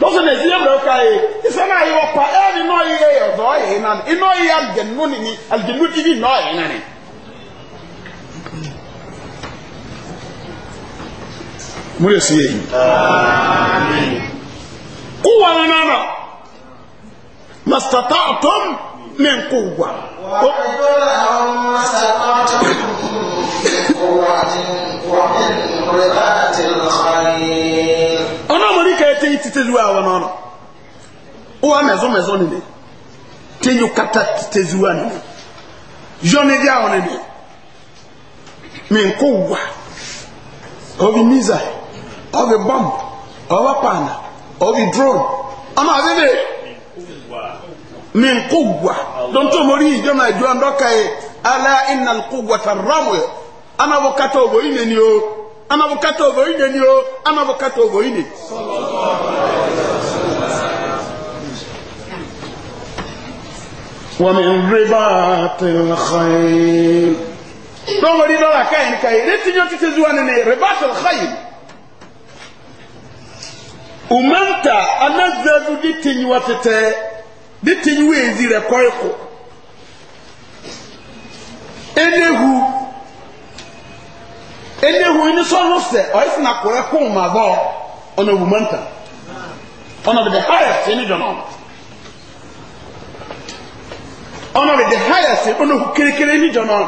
S1: lọ́sọ̀ náà èsì ẹ̀bùrẹ̀ ká yìí ìfẹ́ náà yìí wọ́n pa ẹ́ ní náà yìí yẹ ọ̀dọ́ yìí náà ni iná yìí àlùjẹ̀nu nìyí àlùjẹ̀nu tìbí náà yìí náà ni. mo lè sí èyí. kú wà ní nànà màsítàtà ọ̀tọ́m du awo n'ọnọ ụwa mezọ mezọ nile tenyo kata tezuwa nile jọni di awo nile minko wa obi miza obi bọm ọba paana obi drone ọmọ abebe minko wa dọntọ mori yi jọna ju ndọ ka ye ala ina kuwa ta ramu anabo kata obo ine ni o anabo kata obo ine ni o anabo kata obo ine. sọlọ. ومن رباط الخيل don wari dɔla ka yin ka yi ne ti ɲɔ ti se zuwa ne ne ribatul khayr umanta ana zadu di tinyi wa tete di tinyi wa ezi rɛ kɔɛ ko enehu enehu ini sɔnu sɛ ɔyɛ sina kɔrɛ kó ma bɔ ɔna umanta ɔna bi de hayɛ sini ọmọ rẹ̀ the highest ọ̀nà kérékéré níjọ náà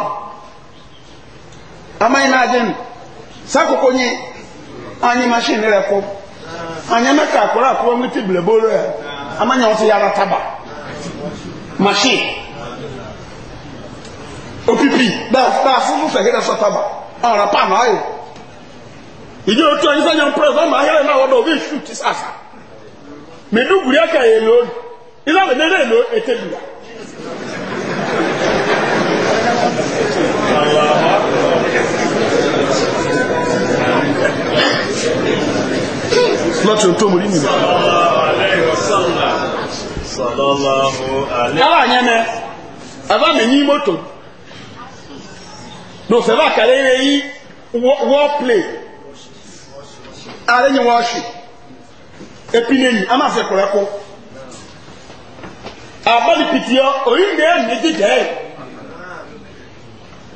S1: àmọ́ imagine sákòókò yín anyi machine na kó anyi mẹ́ka àkúrà àkúrà ní tìbìlẹ̀ bóró ẹ̀ àmọ́ yẹn wọ́n ti machine òpìpì báà fúnfún fẹ̀hẹ́rẹ́ sọ tábà ọ̀rọ̀ pàmò ayò ìdí òtún ẹ̀yin sẹ́yìn press ọmọ ahẹ́rẹ́ náà wọ́n dọ̀ wí shoot láti ọ̀tọ́ mọ̀rí nìyà yàrá yẹn mẹ́ àbá mi ní mọ́tò
S2: ló fẹ́ bá kàlẹ́ rẹ̀ yí
S1: wọ́ọ̀plẹ̀ ààrẹ yẹn wọ́ọ̀ṣì epinenyi a máa fẹ́ kọ̀rẹ́kọ́ àbá mi pìtìyà orí mi ẹ̀ méjì jẹ́ ẹ̀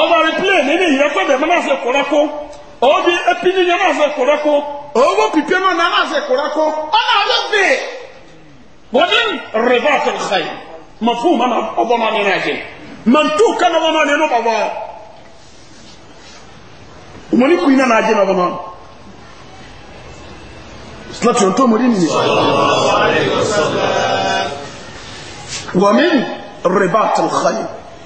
S1: ọba replay nínú ìrẹ́pẹ́ bẹ̀rẹ̀ náà ṣe kórakó ọbí ẹpínlẹ̀ yẹn náà ṣe kórakó owó pípẹ́ náà náà ṣe kórakó ọ̀nà àlọ́ bẹ̀ wọ́n ní rẹ̀bá àtẹ̀lẹ́sà yìí mà fún ma ọbọ̀ ma nínú ẹ̀jẹ̀ mà ń tú kánà ọbọ̀ ma nínú bàbá ọmọ ní kùn iná náà jẹ́ bàbá náà sílẹ̀tì ọ̀tọ́ mọ̀ nínú wọ́n ní rẹ̀bá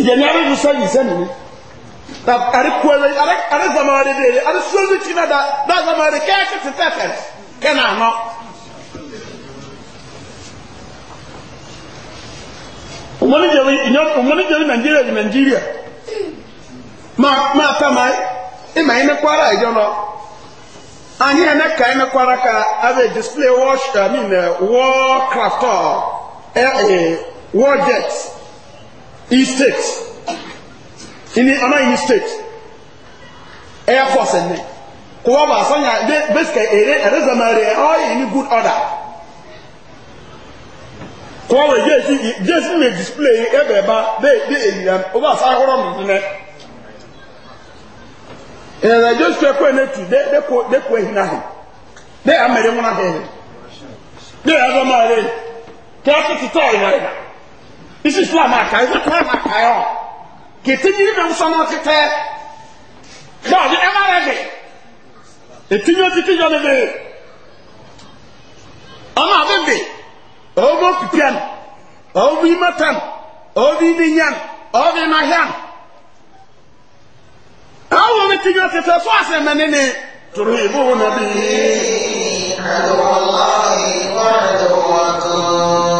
S1: ìjẹni ara ìlú sẹ́yìn sẹ́yìn ni ari kuwele ari ari zamari de ye ari soli ti na da da zamari kɛɛkɛ ti tɛfɛ kɛ na nɔ. umani jeli inyɔ umani jeli nigeria di nigeria ma ma ta ma ye ima ye ne kwara ye jɔn nɔ anyi yɛ ne ka ye ne kwara ka a bɛ display war i mean uh, war craft ɛ ɛ war jet. in state in the ana in state air force ẹni eh? kò wá bàa sanya basically ere ere zamari ẹ̀ ọ́ good order kò wá wẹ̀ jẹ́sí jẹ́sí lè display ẹ̀ bẹ̀ bá bẹ́ẹ̀ bí èyí rẹ̀ ó bá sáré kọ́rọ́ mi nínú ẹ̀ ẹ̀rẹ́ jẹ́sí ẹ̀kọ́ ẹ̀ n'etu dẹ́kọ̀ ẹ̀hìn náà dẹ́ amẹ̀rẹ̀ wọn náà hẹ̀ dẹ́ ẹ̀ zamari kí á sì ti tọ́ ọ̀rọ̀ ẹ̀ isi islam aka isi islam aka yọ kete nyiri bẹ nsọ náà tẹtẹ bọọdi ẹ má rẹbi etinye titi yọ níbi ọmọ abimbi ọwọ pipiam ọwọ imatam ọwọ ibinyam ọwọ imahiam awo mi tinye tete fọ ase mẹ nini turu ibu wọn bi. Adùn wọ́n lọ́ọ̀rì wọ́n adùn wọ́n kan.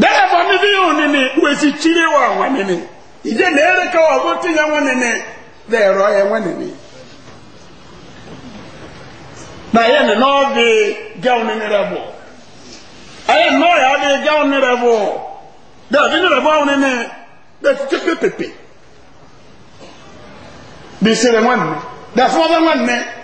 S1: dẹ́ẹ̀fọ́ ní bí yóò nínú wèsì kyeré wà wà nínú ìdí ní ẹ̀rẹ́ ká wà bótú yẹn wọ́n nínú dẹ́ẹ̀rọ yẹn wọ́n nínú. na yẹ ní náà bí gẹ́wọ́n nínú rẹ̀ bọ̀ ayé náà yà á bí gẹ́wọ́n nínú rẹ̀ bọ̀ dẹ́ẹ̀bí nínú bọ̀ wọ́n nínú dẹ́ẹ̀ ti tẹ́ pépè wọ́n nínú dẹ́ẹ̀fọ́ bẹ́ẹ̀ wọ́n nínú.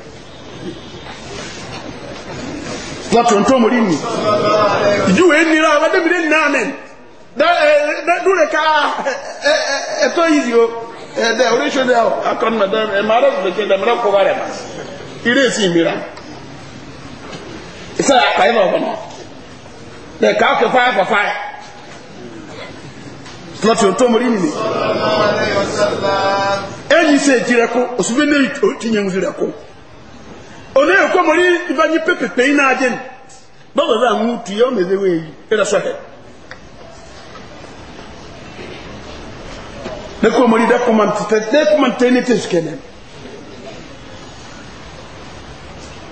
S1: látọ̀ntọ́ mọ̀rí ni ìjúwé nira aládẹ́mìdé nàánẹ̀ ẹ̀tọ́ yìí o ẹ̀dẹ̀ oríṣẹ́dẹ̀ akọ́nàdẹ́ ẹ̀mọ́rẹ́ ìgbẹ̀kẹ́ dẹ̀mọ́rẹ́ kọ́ wárẹ̀ mà iré sí ìmìíràn ìsẹ́ àkàyè bọ̀ bọ̀nà ono yɛ kɔmɔri nipa nyi pepepe yi n'adze ni báwo bá ń tu yɛ ɔmɛ ɛdɛwɛ yi ɛdɛ sɔ hɛ ne kɔmɔri dɛ kɔmɔntɛ dɛ kɔmɔntɛ ne tɛ sukɛ nɛ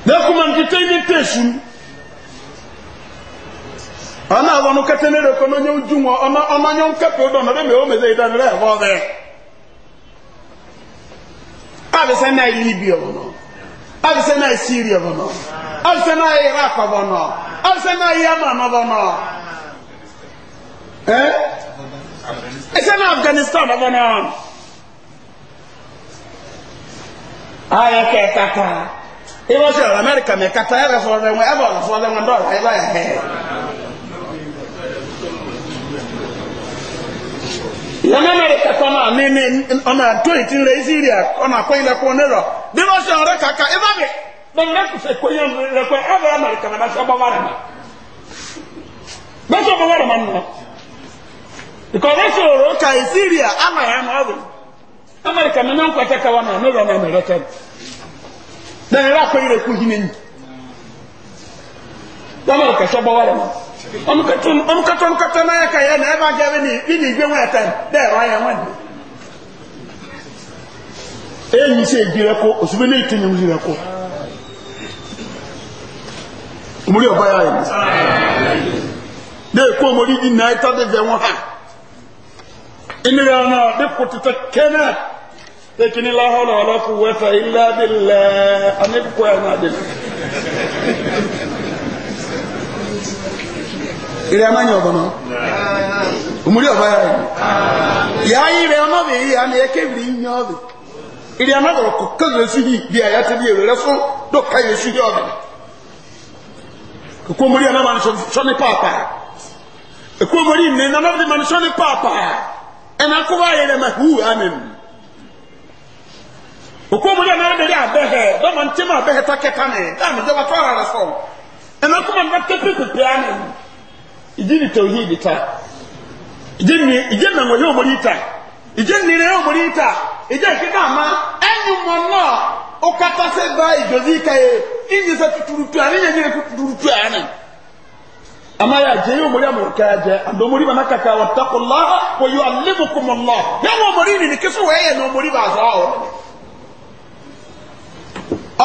S1: dɛ kɔmɔntɛ ne tɛ su ana awon no kɛtɛ ne de kɔ n'onye ju ŋɔ ɔna ɔna nyɔ nkɛpɛ dɔn na bɛ mɛ ɔmɛ ɛdɛ yi dɛ ɛdɛ ɛfɔ bɛ a bɛ sɛ n'a yi bi ɔmɔ alise na syria bono alise na iraq bono alise na yemen bono eh alise afghanistan bono aya ke kata iwọ sọ amẹrika mẹ kata ẹ bẹ fọwọ bẹ wọn ẹ bọ ọlọfọwọ bẹ wọn dọọlọ ẹ bá yà hẹ. wọnẹmẹrika kọ náà ní ní ọ̀nà tó ìtì rẹ̀ ìsírí ọ̀nà àkọ́yìnlẹ̀ kọ́ nírọ̀ bí wọ́n ṣe ọ̀rẹ́ kàkà ẹ̀fọ́ mi bẹ́ẹ̀ mẹ́kù ṣe kó yẹn rẹ̀ ma ẹ̀fọ́ amẹrika náà bẹ́ẹ̀ sọ ka ìsírí àmà ẹ̀ mọ́ ọ̀rọ̀ amẹrika mi náà ń pẹ́tẹ́ kẹwàá náà nírọ̀ náà mẹ̀rẹ̀ tẹ́ bẹ́ẹ̀ rẹ̀ ọmụkọtọ ọmụkọtọ n'anya ka ya na ebe a ga igwe nwa anya enyi na-etinye mzireko omori ọba ya ya na-ekwu omori dị na ịta dị ve ha ịnịrị anọ dịpụtụta kenet ekini lahọla ọlọpụ weta lee ya na ìrẹ́ amáyẹ ọ̀bọ̀n náà òmùrí ọ̀bọ̀ ya rẹ̀ yà á yí ìrẹ́ ọmọ bèé yà ni ẹkẹ́bìrì ń yàn ọ̀bẹ̀ ìrẹ́ amábọ̀rọ̀ kò kẹ́gbẹ̀ẹ́ sí yìí bí àyà ti bí èrò rẹ fún dọ́ka yẹn sí yọ ọ̀bẹ̀ èkó òmùrí ọ̀nà máa ní sọ́ni pàápàá èkó òmùrí ní ọ̀nà máa ní sọ́ni pàápàá ẹ̀nà kó wáyé rẹ̀ máa hù ánìmù okomu dɛ n'an bɛrɛ abɛhɛ dɔmɔ ntɛmɛ abɛhɛ ta kɛta ne ɛna dɔbɔ tɔ ara sɔn ɛna kuma nga pepe pepe ani ìjẹ́ ni tẹ̀wéyìí ta ìjẹ́ ni ìjẹ́ nàngọ̀ yóò mọ̀ ní ta ìjẹ́ nìyẹn yóò mọ̀ ní ta ìjẹ́ ìkíkà àmà ẹ̀yìn mọ̀ náà ó kata sẹ́ gba ìjọ́sí kẹyẹ ìyẹn sẹ́ tuturutu àná ìyẹn yẹn tuturutu àná. àmà yà jẹ́ yóò mọ̀ ní àmọ̀ kẹyà jẹ́ àdó mọ̀ ní bàmà kàkà wà takùlá wà yóò alẹ́mùkùmọ̀ náà yóò mọ̀ ní nìyí kí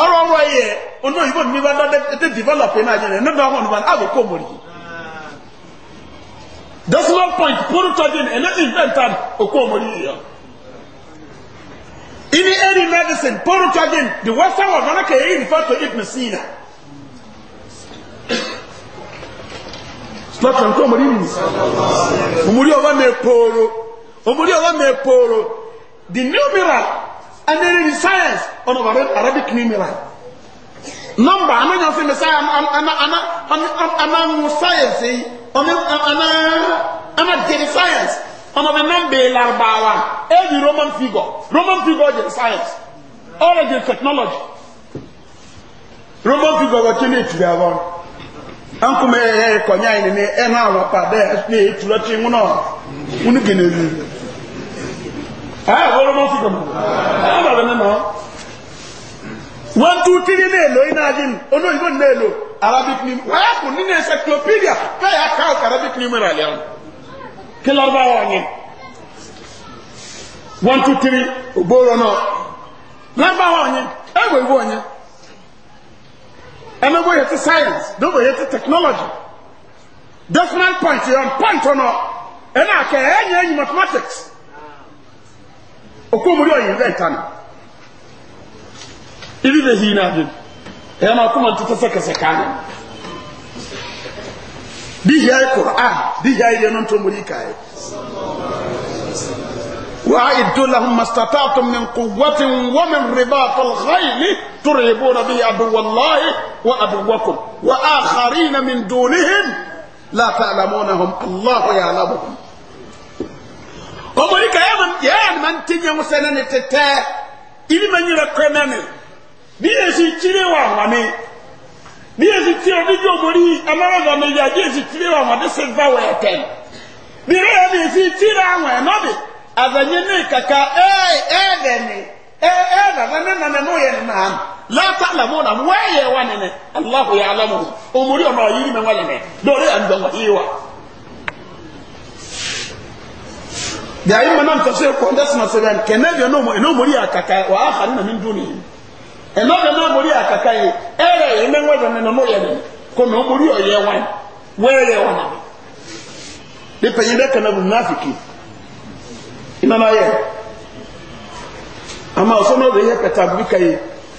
S1: ọrọ ọrọ yẹ ọdún òyìnbó ní bá dá dé develop ẹ náà jẹ ẹ ní ọdún ọhún ní bá dá àbùkù òmòrì yìí decimal point poro tɔjin ɛnɛ inventan oku omori yi yɛ ini eri medicine poro tɔjin the western world nana ka eyi refer to ibn sina slọtọ nkọ omori mu omori ọba mẹ poro omori ọba mẹ poro the new mirror and the science ọnà arabic new mirror number ananyansi mẹsàá ana ana ana ana ana science yi ɔmɛ ana ana jeli science ɔmɛ bɛ nan larbawa. larubawa e di roman figure roman figure jeli science ɔlɛ jeli technology roman figure wɔ kye to be awɔ ankume ɛɛ kɔnya yi nene ɛna awɔ pa bɛ ne etura ti ŋuna ŋunu gene mi ɛɛ wɔ roman figure mu ɛna bɛ ne nɔ one two three ní èlò iná ajé mi olóyìnbó oh, ní èlò arabic ni wáyà kò nínú encyclopedia bẹ́ẹ̀ yà ká òkè arabic ni mìíràn lẹ́wọ̀n kí lọ́rọ́ bá wọ̀ yẹn one two three ògbóró náà lọ́rọ́ wọ̀ yẹn ẹ̀wọ̀ ìwọ̀ yẹn ẹ̀mẹ́ bó yẹ ti science dó bó yẹ ti technology decimal point yẹn point ọ̀nà ẹ̀ náà kẹ́ ẹ̀ ẹ̀ yẹn mathematics òkú omi yóò yẹn bẹ́ẹ̀ tán náà. ibi bɛ hinɛ bi ɛyɛ maa kuma ti tɛ sɛ kɛsɛ kan na bi hiya ye kur'an bi hiya ye yɛlɛ tó mori k'a ye wa idu lahum mastata'tum min quwwatin wa min ribatil khayli turhibuna bi aduwallahi wa aduwakum wa akharina min dunihim la ta'lamunahum Allahu ya'lamuhum ọmọ yìí kà yẹ́ ẹ̀ máa ń tẹ̀yẹ̀ ń sẹ́ni tẹ̀tẹ̀ ìdí máa ń yẹra kọ́ ẹ̀ náà ni. bí èsì wà wà ní bí tí ọdíjọ́ òmòrí amárọ̀dọ̀ mi yà bí wà wà ní silva wẹ̀ tẹ̀ bí rẹ̀ bí èsì tírí àwọn ẹ̀nọ́ mi àzànyé ní kàkà ẹ̀ẹ́dẹ̀ ni ẹ̀ẹ́dàbà nínú ẹ̀nà yẹ nínú àná látà làmú nà wọ́n wà nínú aláhù yà alámù òmòrí ọ̀nà yìí mi wà nínú lórí yìí wà. ɛnɔ bɛ ma mori akaka yi ɛrɛ yi mɛ ŋɔ dɔn nɔ yɛ dɔn kɔmi mori yɛ wɛrɛ pɛnyin bɛ kana nafiki imama n'o ka yi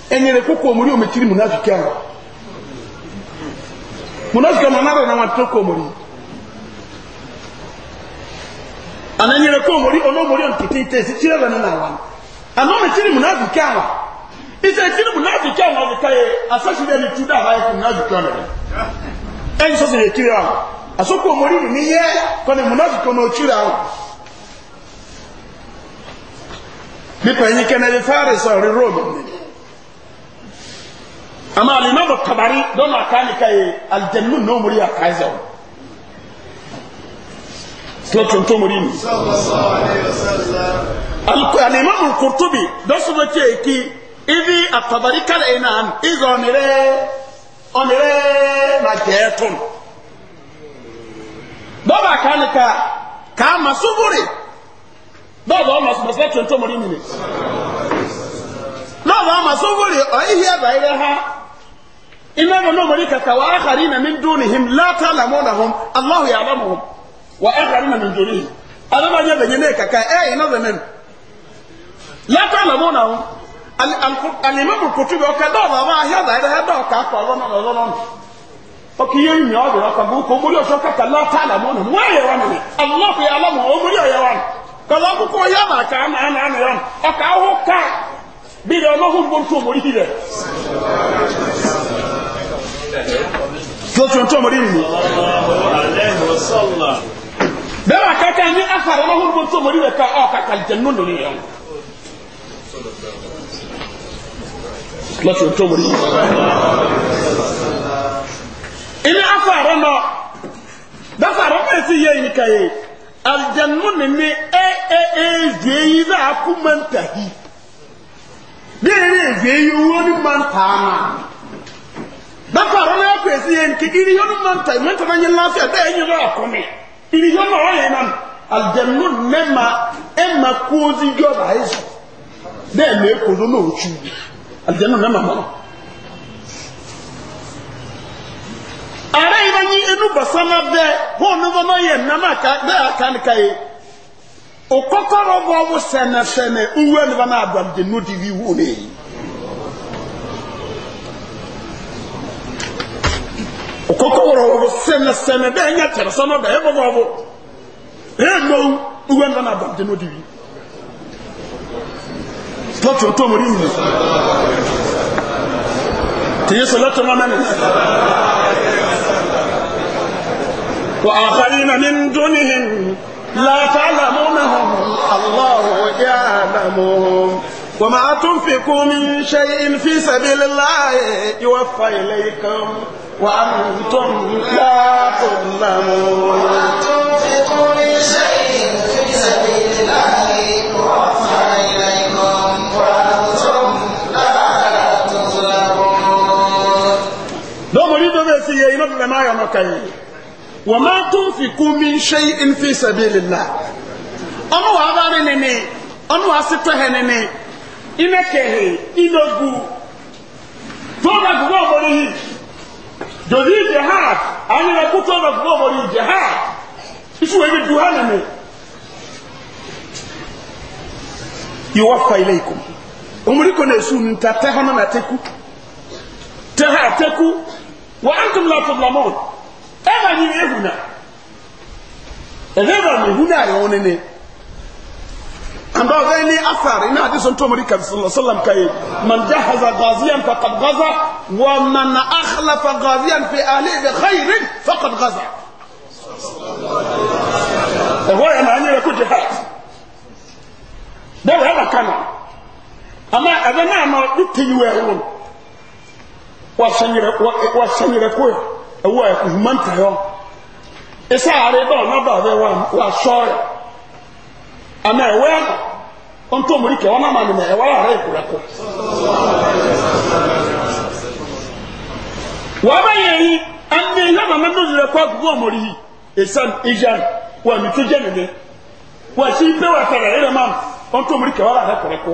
S1: ɛnyɛrɛ e koko mori o mɛ tiri munafiki ama munafiki ama mori ana ɛnyɛrɛ mori ɔno mori o ìsèkiri munafiki àwọn ọ̀dùkà yẹ asọ́sílẹ̀ ni túdà ha ẹkùn munafiki ọ̀nà rẹ̀ ẹ̀yìn sọ́sì yẹ kiri àwọn asọ́kù omori ni yẹ kọ́ni munafiki ọ̀nà òkiri àwọn. nípa ẹ̀yìn kẹ́nẹ́dì fáres ọ̀rẹ́ róòmù ni àmà alimami kabari dọ́nà àkànníkà yẹ alìjẹ̀nu náà omori àkàìsà wọn. sọ́tún tó omori ni. alimami kurtubi dọ́sọ̀rọ̀ kí ibi atabari kala inan izo onire onire na jetun baba kanika ka masuburi baba ma masuburi tonto mori ni baba masuburi o ihe baire ha inna no mori kaka wa akharina min dunihim la ta'lamunahum allah ya'lamuhum wa akharina min dunihim adama nya benye ne kaka eh ina zanen la ta'lamunahum alimami kutu bi ɔkɛ dɔw baba ahyɛ da yɛrɛ dɔw ka kɔ ɔlɔn na ɔlɔn na ɔkè yé nyɛ ɔdi ɔkà bu kò múlò sɔ kàkà lọ tá àlàmú ni wọn wọn ni alimami yɛ alamu o múlò yɛ wọn kɔlɔ kókó yɛ bà ká ama ama ama yɛ wọn ɔkà aho ká bi yɛ ɔmɔ hóun bóntó mori yi dɛ tóntó mori yi ni bɛɛ mori yɛ ká ɔ ni yɛ wọn. láti ọjọ́ mọ̀ ní ilé afárọ́ náà dáfàrọ́ pẹ̀ sí yẹ yìí kàyé alìjẹ̀nù nìní ẹ̀ẹ́ẹ̀ẹ́dì èyí náà kú mẹ́ntà yìí bí eré èdè èyí owó ní mẹ́ntà náà dáfàrọ́ náà pẹ̀ sí yẹ nìkí ìrì yọ ní mẹ́ntà yìí mẹ́ntà náà yẹ láfíà bẹ́ẹ̀ yẹ náà kọ́ mi ìrì yọ náà ọ̀yẹ̀ náà alìjẹ̀nù nẹ́ẹ̀ma ẹ̀ma kú ó ti yọ báyìí bẹ́ẹ̀ lè kó lónà aljanna nama kɔnɔ ara yi ba nyi enu basama bɛɛ hɔn ne bama yɛ nama ka bɛɛ a kan ka ye o kɔkɔrɔ bɔ wo sɛnɛ sɛnɛ uwe ne bama adu aljanna di wi wo ne ye o kɔkɔrɔ bɔ sɛnɛ sɛnɛ bɛɛ nyɛ tɛrɛ sɛnɛ bɛɛ e bɔ bɔ bɔ e nɔ uwe ne bama adu aljanna di wi tɔtɔ tɔmɔ di yi. تيجي صلاة رمضان وآخرين من دونهم لا تعلمونهم الله يعلمهم وما تنفقوا من شيء في سبيل الله يوفى إليكم وأنتم لا تظلمون وما تنفقوا من شيء na na ayɔnɔ ka yi wɔn a tún fi kún mi nhyɛ yi nfi sɛbi lila ɔno wɔ aba ne nene ɔno wɔ ase tɔhɛ nene ina kɛhɛ ina gu tɔɔba gugu ɔmɔ ne yi dodi jihad anyina ku tɔɔba gugu ɔmɔ ne yi jihad isu wo ebi du ha nene yiwɔ fa ilé ikun omuriko na esu nta tɛ hɔ na na teku tɛ ha teku. وأنتم لا تظلمون أغني هنا أغني هنا يونني أنبغى أني أثر إن حديث أنتم ريكا صلى الله عليه وسلم كي من جهز غازيا فقد غزى ومن أخلف غازيا في أهله خير فقد غزى هو يعني لكو جهاز ده هذا كان أما أذنى ما يتيوه wasanyere koya ewu a humanta yɔ esa are ba ɔna ba ɔbɛ wa wa sɔɔre ana ɛwɛ ano ɔntɔ mori kɛ ɔna ma ne ma ɛwɛ are ekura ko wɔbɛ yɛ yi ɛnni yɛ ma mɛ nuzure kɔ agogo ɔmori yi esan ejan wa mi to jɛ wa si pe wa tɛrɛ ɛrɛ ma ɔntɔ mori kɛ ɔna are ekura ko.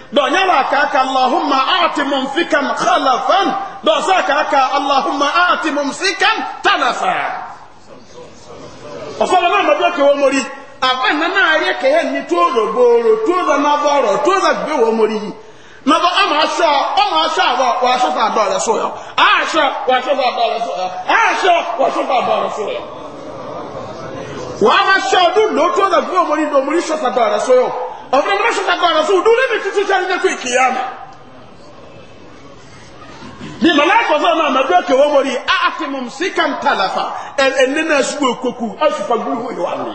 S1: دون يلا كاكا اللهم أعط منفكا خلفا دون ساكاكا اللهم أعط ممسكا تلفا أصلا ما بدك ومري أبنا ناري كهن نتوزو بورو توزا نظارو توزا بيو مري nabɔ ɔmɔ ahyɛ a ɔmɔ ahyɛ a wɔahyɛ fa adɔɔlɛ so yɛ ahyɛ wɔahyɛ fa adɔɔlɛ so yɛ ahyɛ wɔahyɛ fa adɔɔlɛ so yɛ wɔn ahyɛ ɔdo lɔtɔ na fi wɔn ni fa adɔɔlɛ so yɛ ọ̀fẹ́ mọ́ ṣe dàgbà rẹ̀ sí ọdún lẹ́nu títí sẹ́ni lẹ́kọ̀ọ́ ìkìyà mi. ní mọ̀láìkọ̀ sọ̀rọ̀ náà mẹ́jọ kẹwọ́ wọlé àti mọ̀ sí kàn tàlàfà ẹni náà sùgbọ́ òkòkù àṣùfà gbúgbò ìwà mi.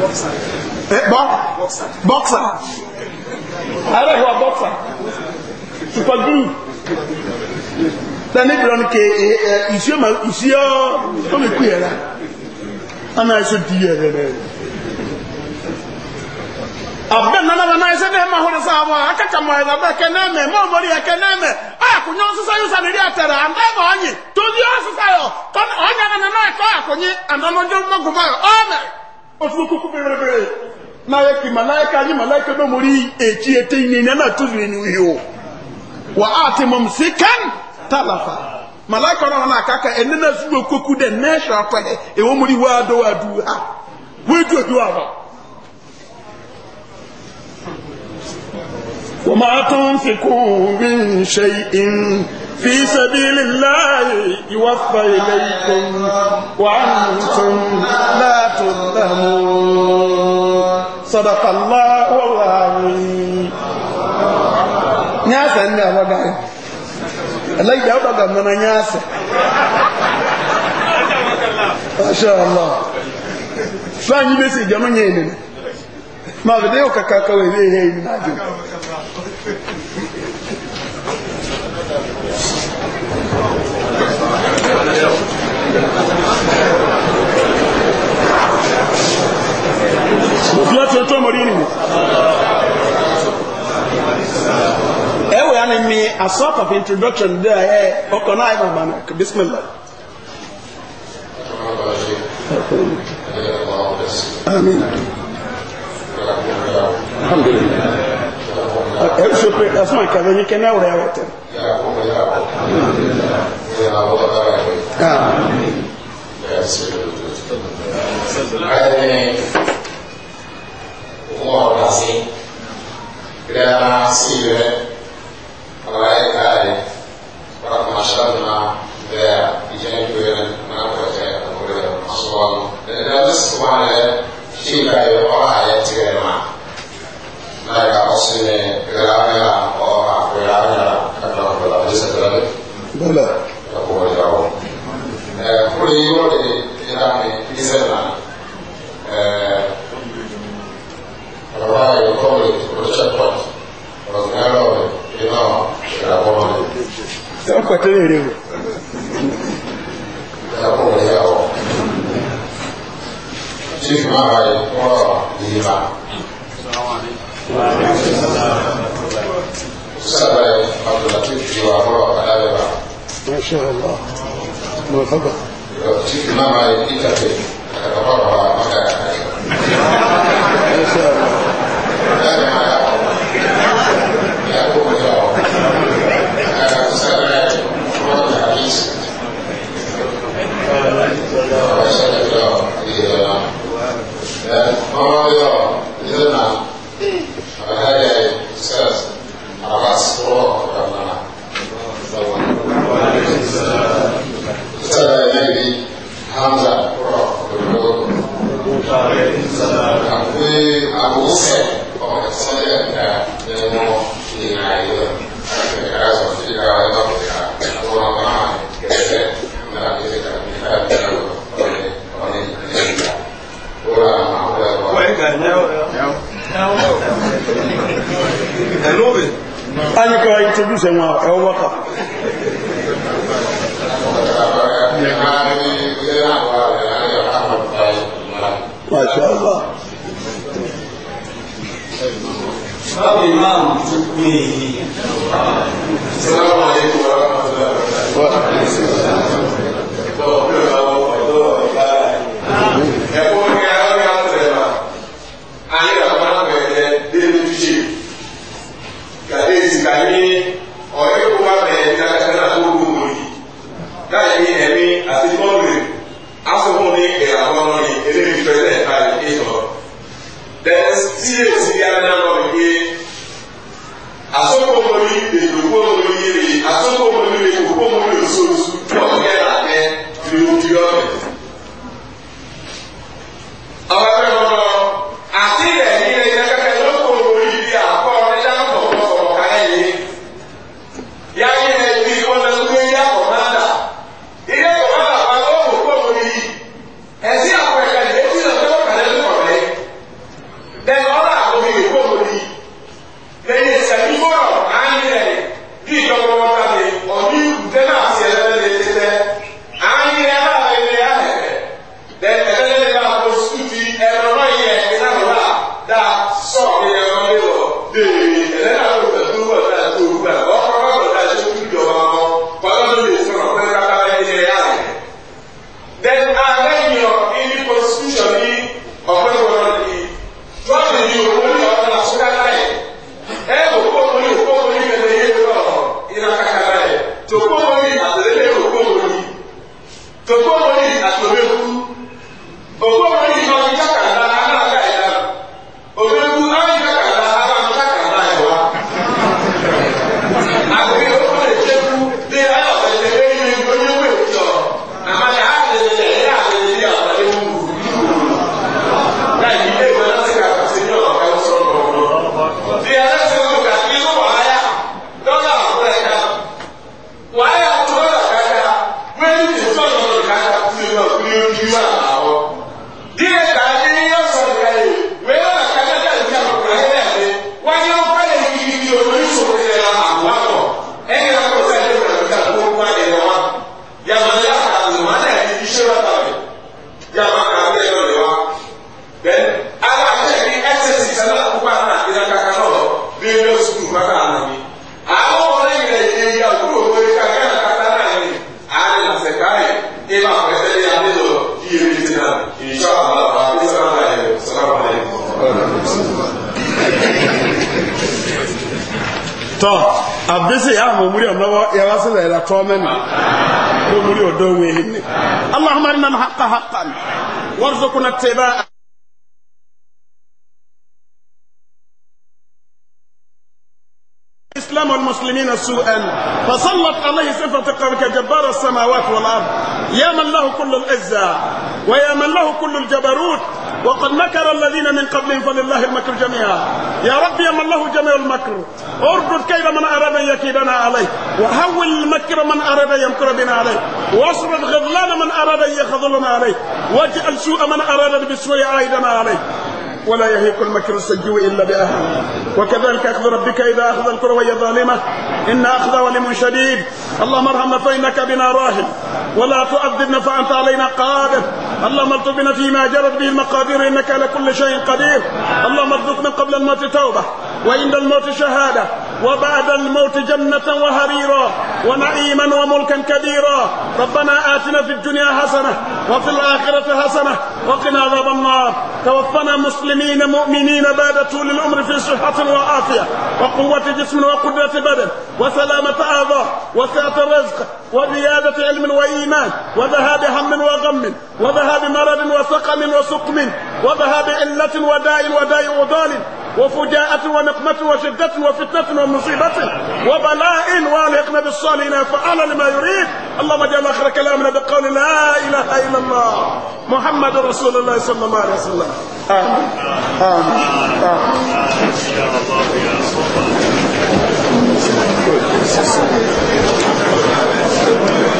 S1: bọ́ksà ààrẹ ìwà bọ́ksà ṣùfà gbúgbò lẹ́ni ìbìrọ̀ ni kè ìṣíọ́ tó mi kú yẹra ọ̀nà ẹ̀ṣọ́ di yẹrẹ rẹ̀ rẹ̀ abdan nana bana ese ne ma hore sawa akaka ma ba ba keneme mo mori ya keneme a kunyo sisa yusa ni ya tara anda ba anyi to di sisa yo kon onya na na ko akonyi anda no jo ma goma o me o tu ku na ye ki malaika ni malaika do mori eti eti ni na na tu ni ni yo wa ati mumsikan talafa malaika no na akaka enena su ku ku de ne sha pa e wo mori wa do wa du ha we وما تنفقوا من شيء في سبيل الله يوفى إليكم
S2: وأنتم لا تظلمون صدق الله العظيم ناسا يا بقى
S1: الله يبقى من ناسا
S3: ما شاء الله
S1: فاني بس جمعني ما بدي أكاكا ويبيه من عجل ìjọ tí mọ̀rí nìyí ẹwẹ̀ ya ni mi a sort of introduction dẹ́ ẹ ọkọ̀ náà ẹ̀ bàbá náà bismillah amin alhamdulillah ẹ̀rù ṣe pé ẹ̀fún àkàrà yìí kẹ́ náà rẹ̀ wọ̀tẹ̀
S3: amin wọn sí ilé ara sí rẹ ọba yẹ ká rẹ wọn kò máa ṣàlàyé náà bẹ́ẹ̀ ìjẹ́ ìlú rẹ náà kò tẹ ọkọ rẹ ọsọ wọn. ẹnlẹ́ ọdún sì wà rẹ ṣé ìgbà yẹ ọba ayẹ tirẹ̀ náà
S2: náà yẹ ká ọsùn ní ìrẹ́lá mẹ́ra ọ àpòyà mẹ́ra
S3: kàdé ọ̀pọ̀lọpọ̀ ọdún sẹ́tẹ̀lá rẹ. bọ́lá. ọkọ̀ wọlé ọ̀wọ́. ẹ̀ kúrò yìí wọ́n lè ní why you call it Richard Pot. Was narrow, you know, Shabon.
S1: Don't quite hear you. Shabon, yeah. Chief Mahari,
S3: or Lima. Sabai Abdul Latif, you are from Alabama. MashaAllah. Mufaba. Chief Mahari, Italy. Maka. MashaAllah. Hamza, Abu Musa, ẹnu bẹ.
S1: a ní kí wọ́n introduce ẹ̀ wọn ẹ̀ wọ́n kaka kuli wa kuli wa kuli wa awɔ. أبدسي أهم أموري أنه يغسل إلى طومن أموري أدوه اللهم أرنا الحق حقا وارزقنا اتباع الإسلام والمسلمين سوءا فصلت عليه صفة قولك جبار السماوات والأرض يا من له كل الأزة ويا من له كل الجبروت وقد مكر الذين من قبلهم فلله المكر جميعا يا رب يا من له جميع المكر اردد كيد من اراد ان يكيدنا عليه وهول المكر من اراد ان يمكر بنا عليه واصرف غضلان من اراد ان يخذلنا عليه واجعل سوء من اراد بالسوء عائدنا عليه ولا يهيك المكر السجو إلا بأهله وكذلك أخذ ربك إذا أخذ القرى وهي ظالمة إن أخذ ولم شديد اللهم ارحمنا فإنك بنا راهب ولا تؤذبنا فأنت علينا قادر اللهم ارزقنا فيما جرت به المقادير انك على كل شيء قدير اللهم ارزقنا قبل الموت توبه وعند الموت شهاده وبعد الموت جنة وهريرا ونعيما وملكا كبيرا ربنا آتنا في الدنيا حسنة وفي الآخرة حسنة وقنا عذاب النار توفنا مسلمين مؤمنين بعد طول العمر في صحة وعافية وقوة جسم وقدرة بدن وسلامة أعضاء وسعة رزق وزيادة علم وإيمان وذهاب هم وغم وذهاب مرض وسقم وسقم وذهاب علة وداء وداء وضال وفجاءة ونقمة وشدة وفتنة ومصيبة وبلاء والحقنا بالصالحين فعل لما يريد اللهم اجعل آخر كلامنا بقول لا إله إلا الله محمد رسول الله صلى الله عليه وسلم آمين
S3: آمين آمين يا الله
S4: يا الله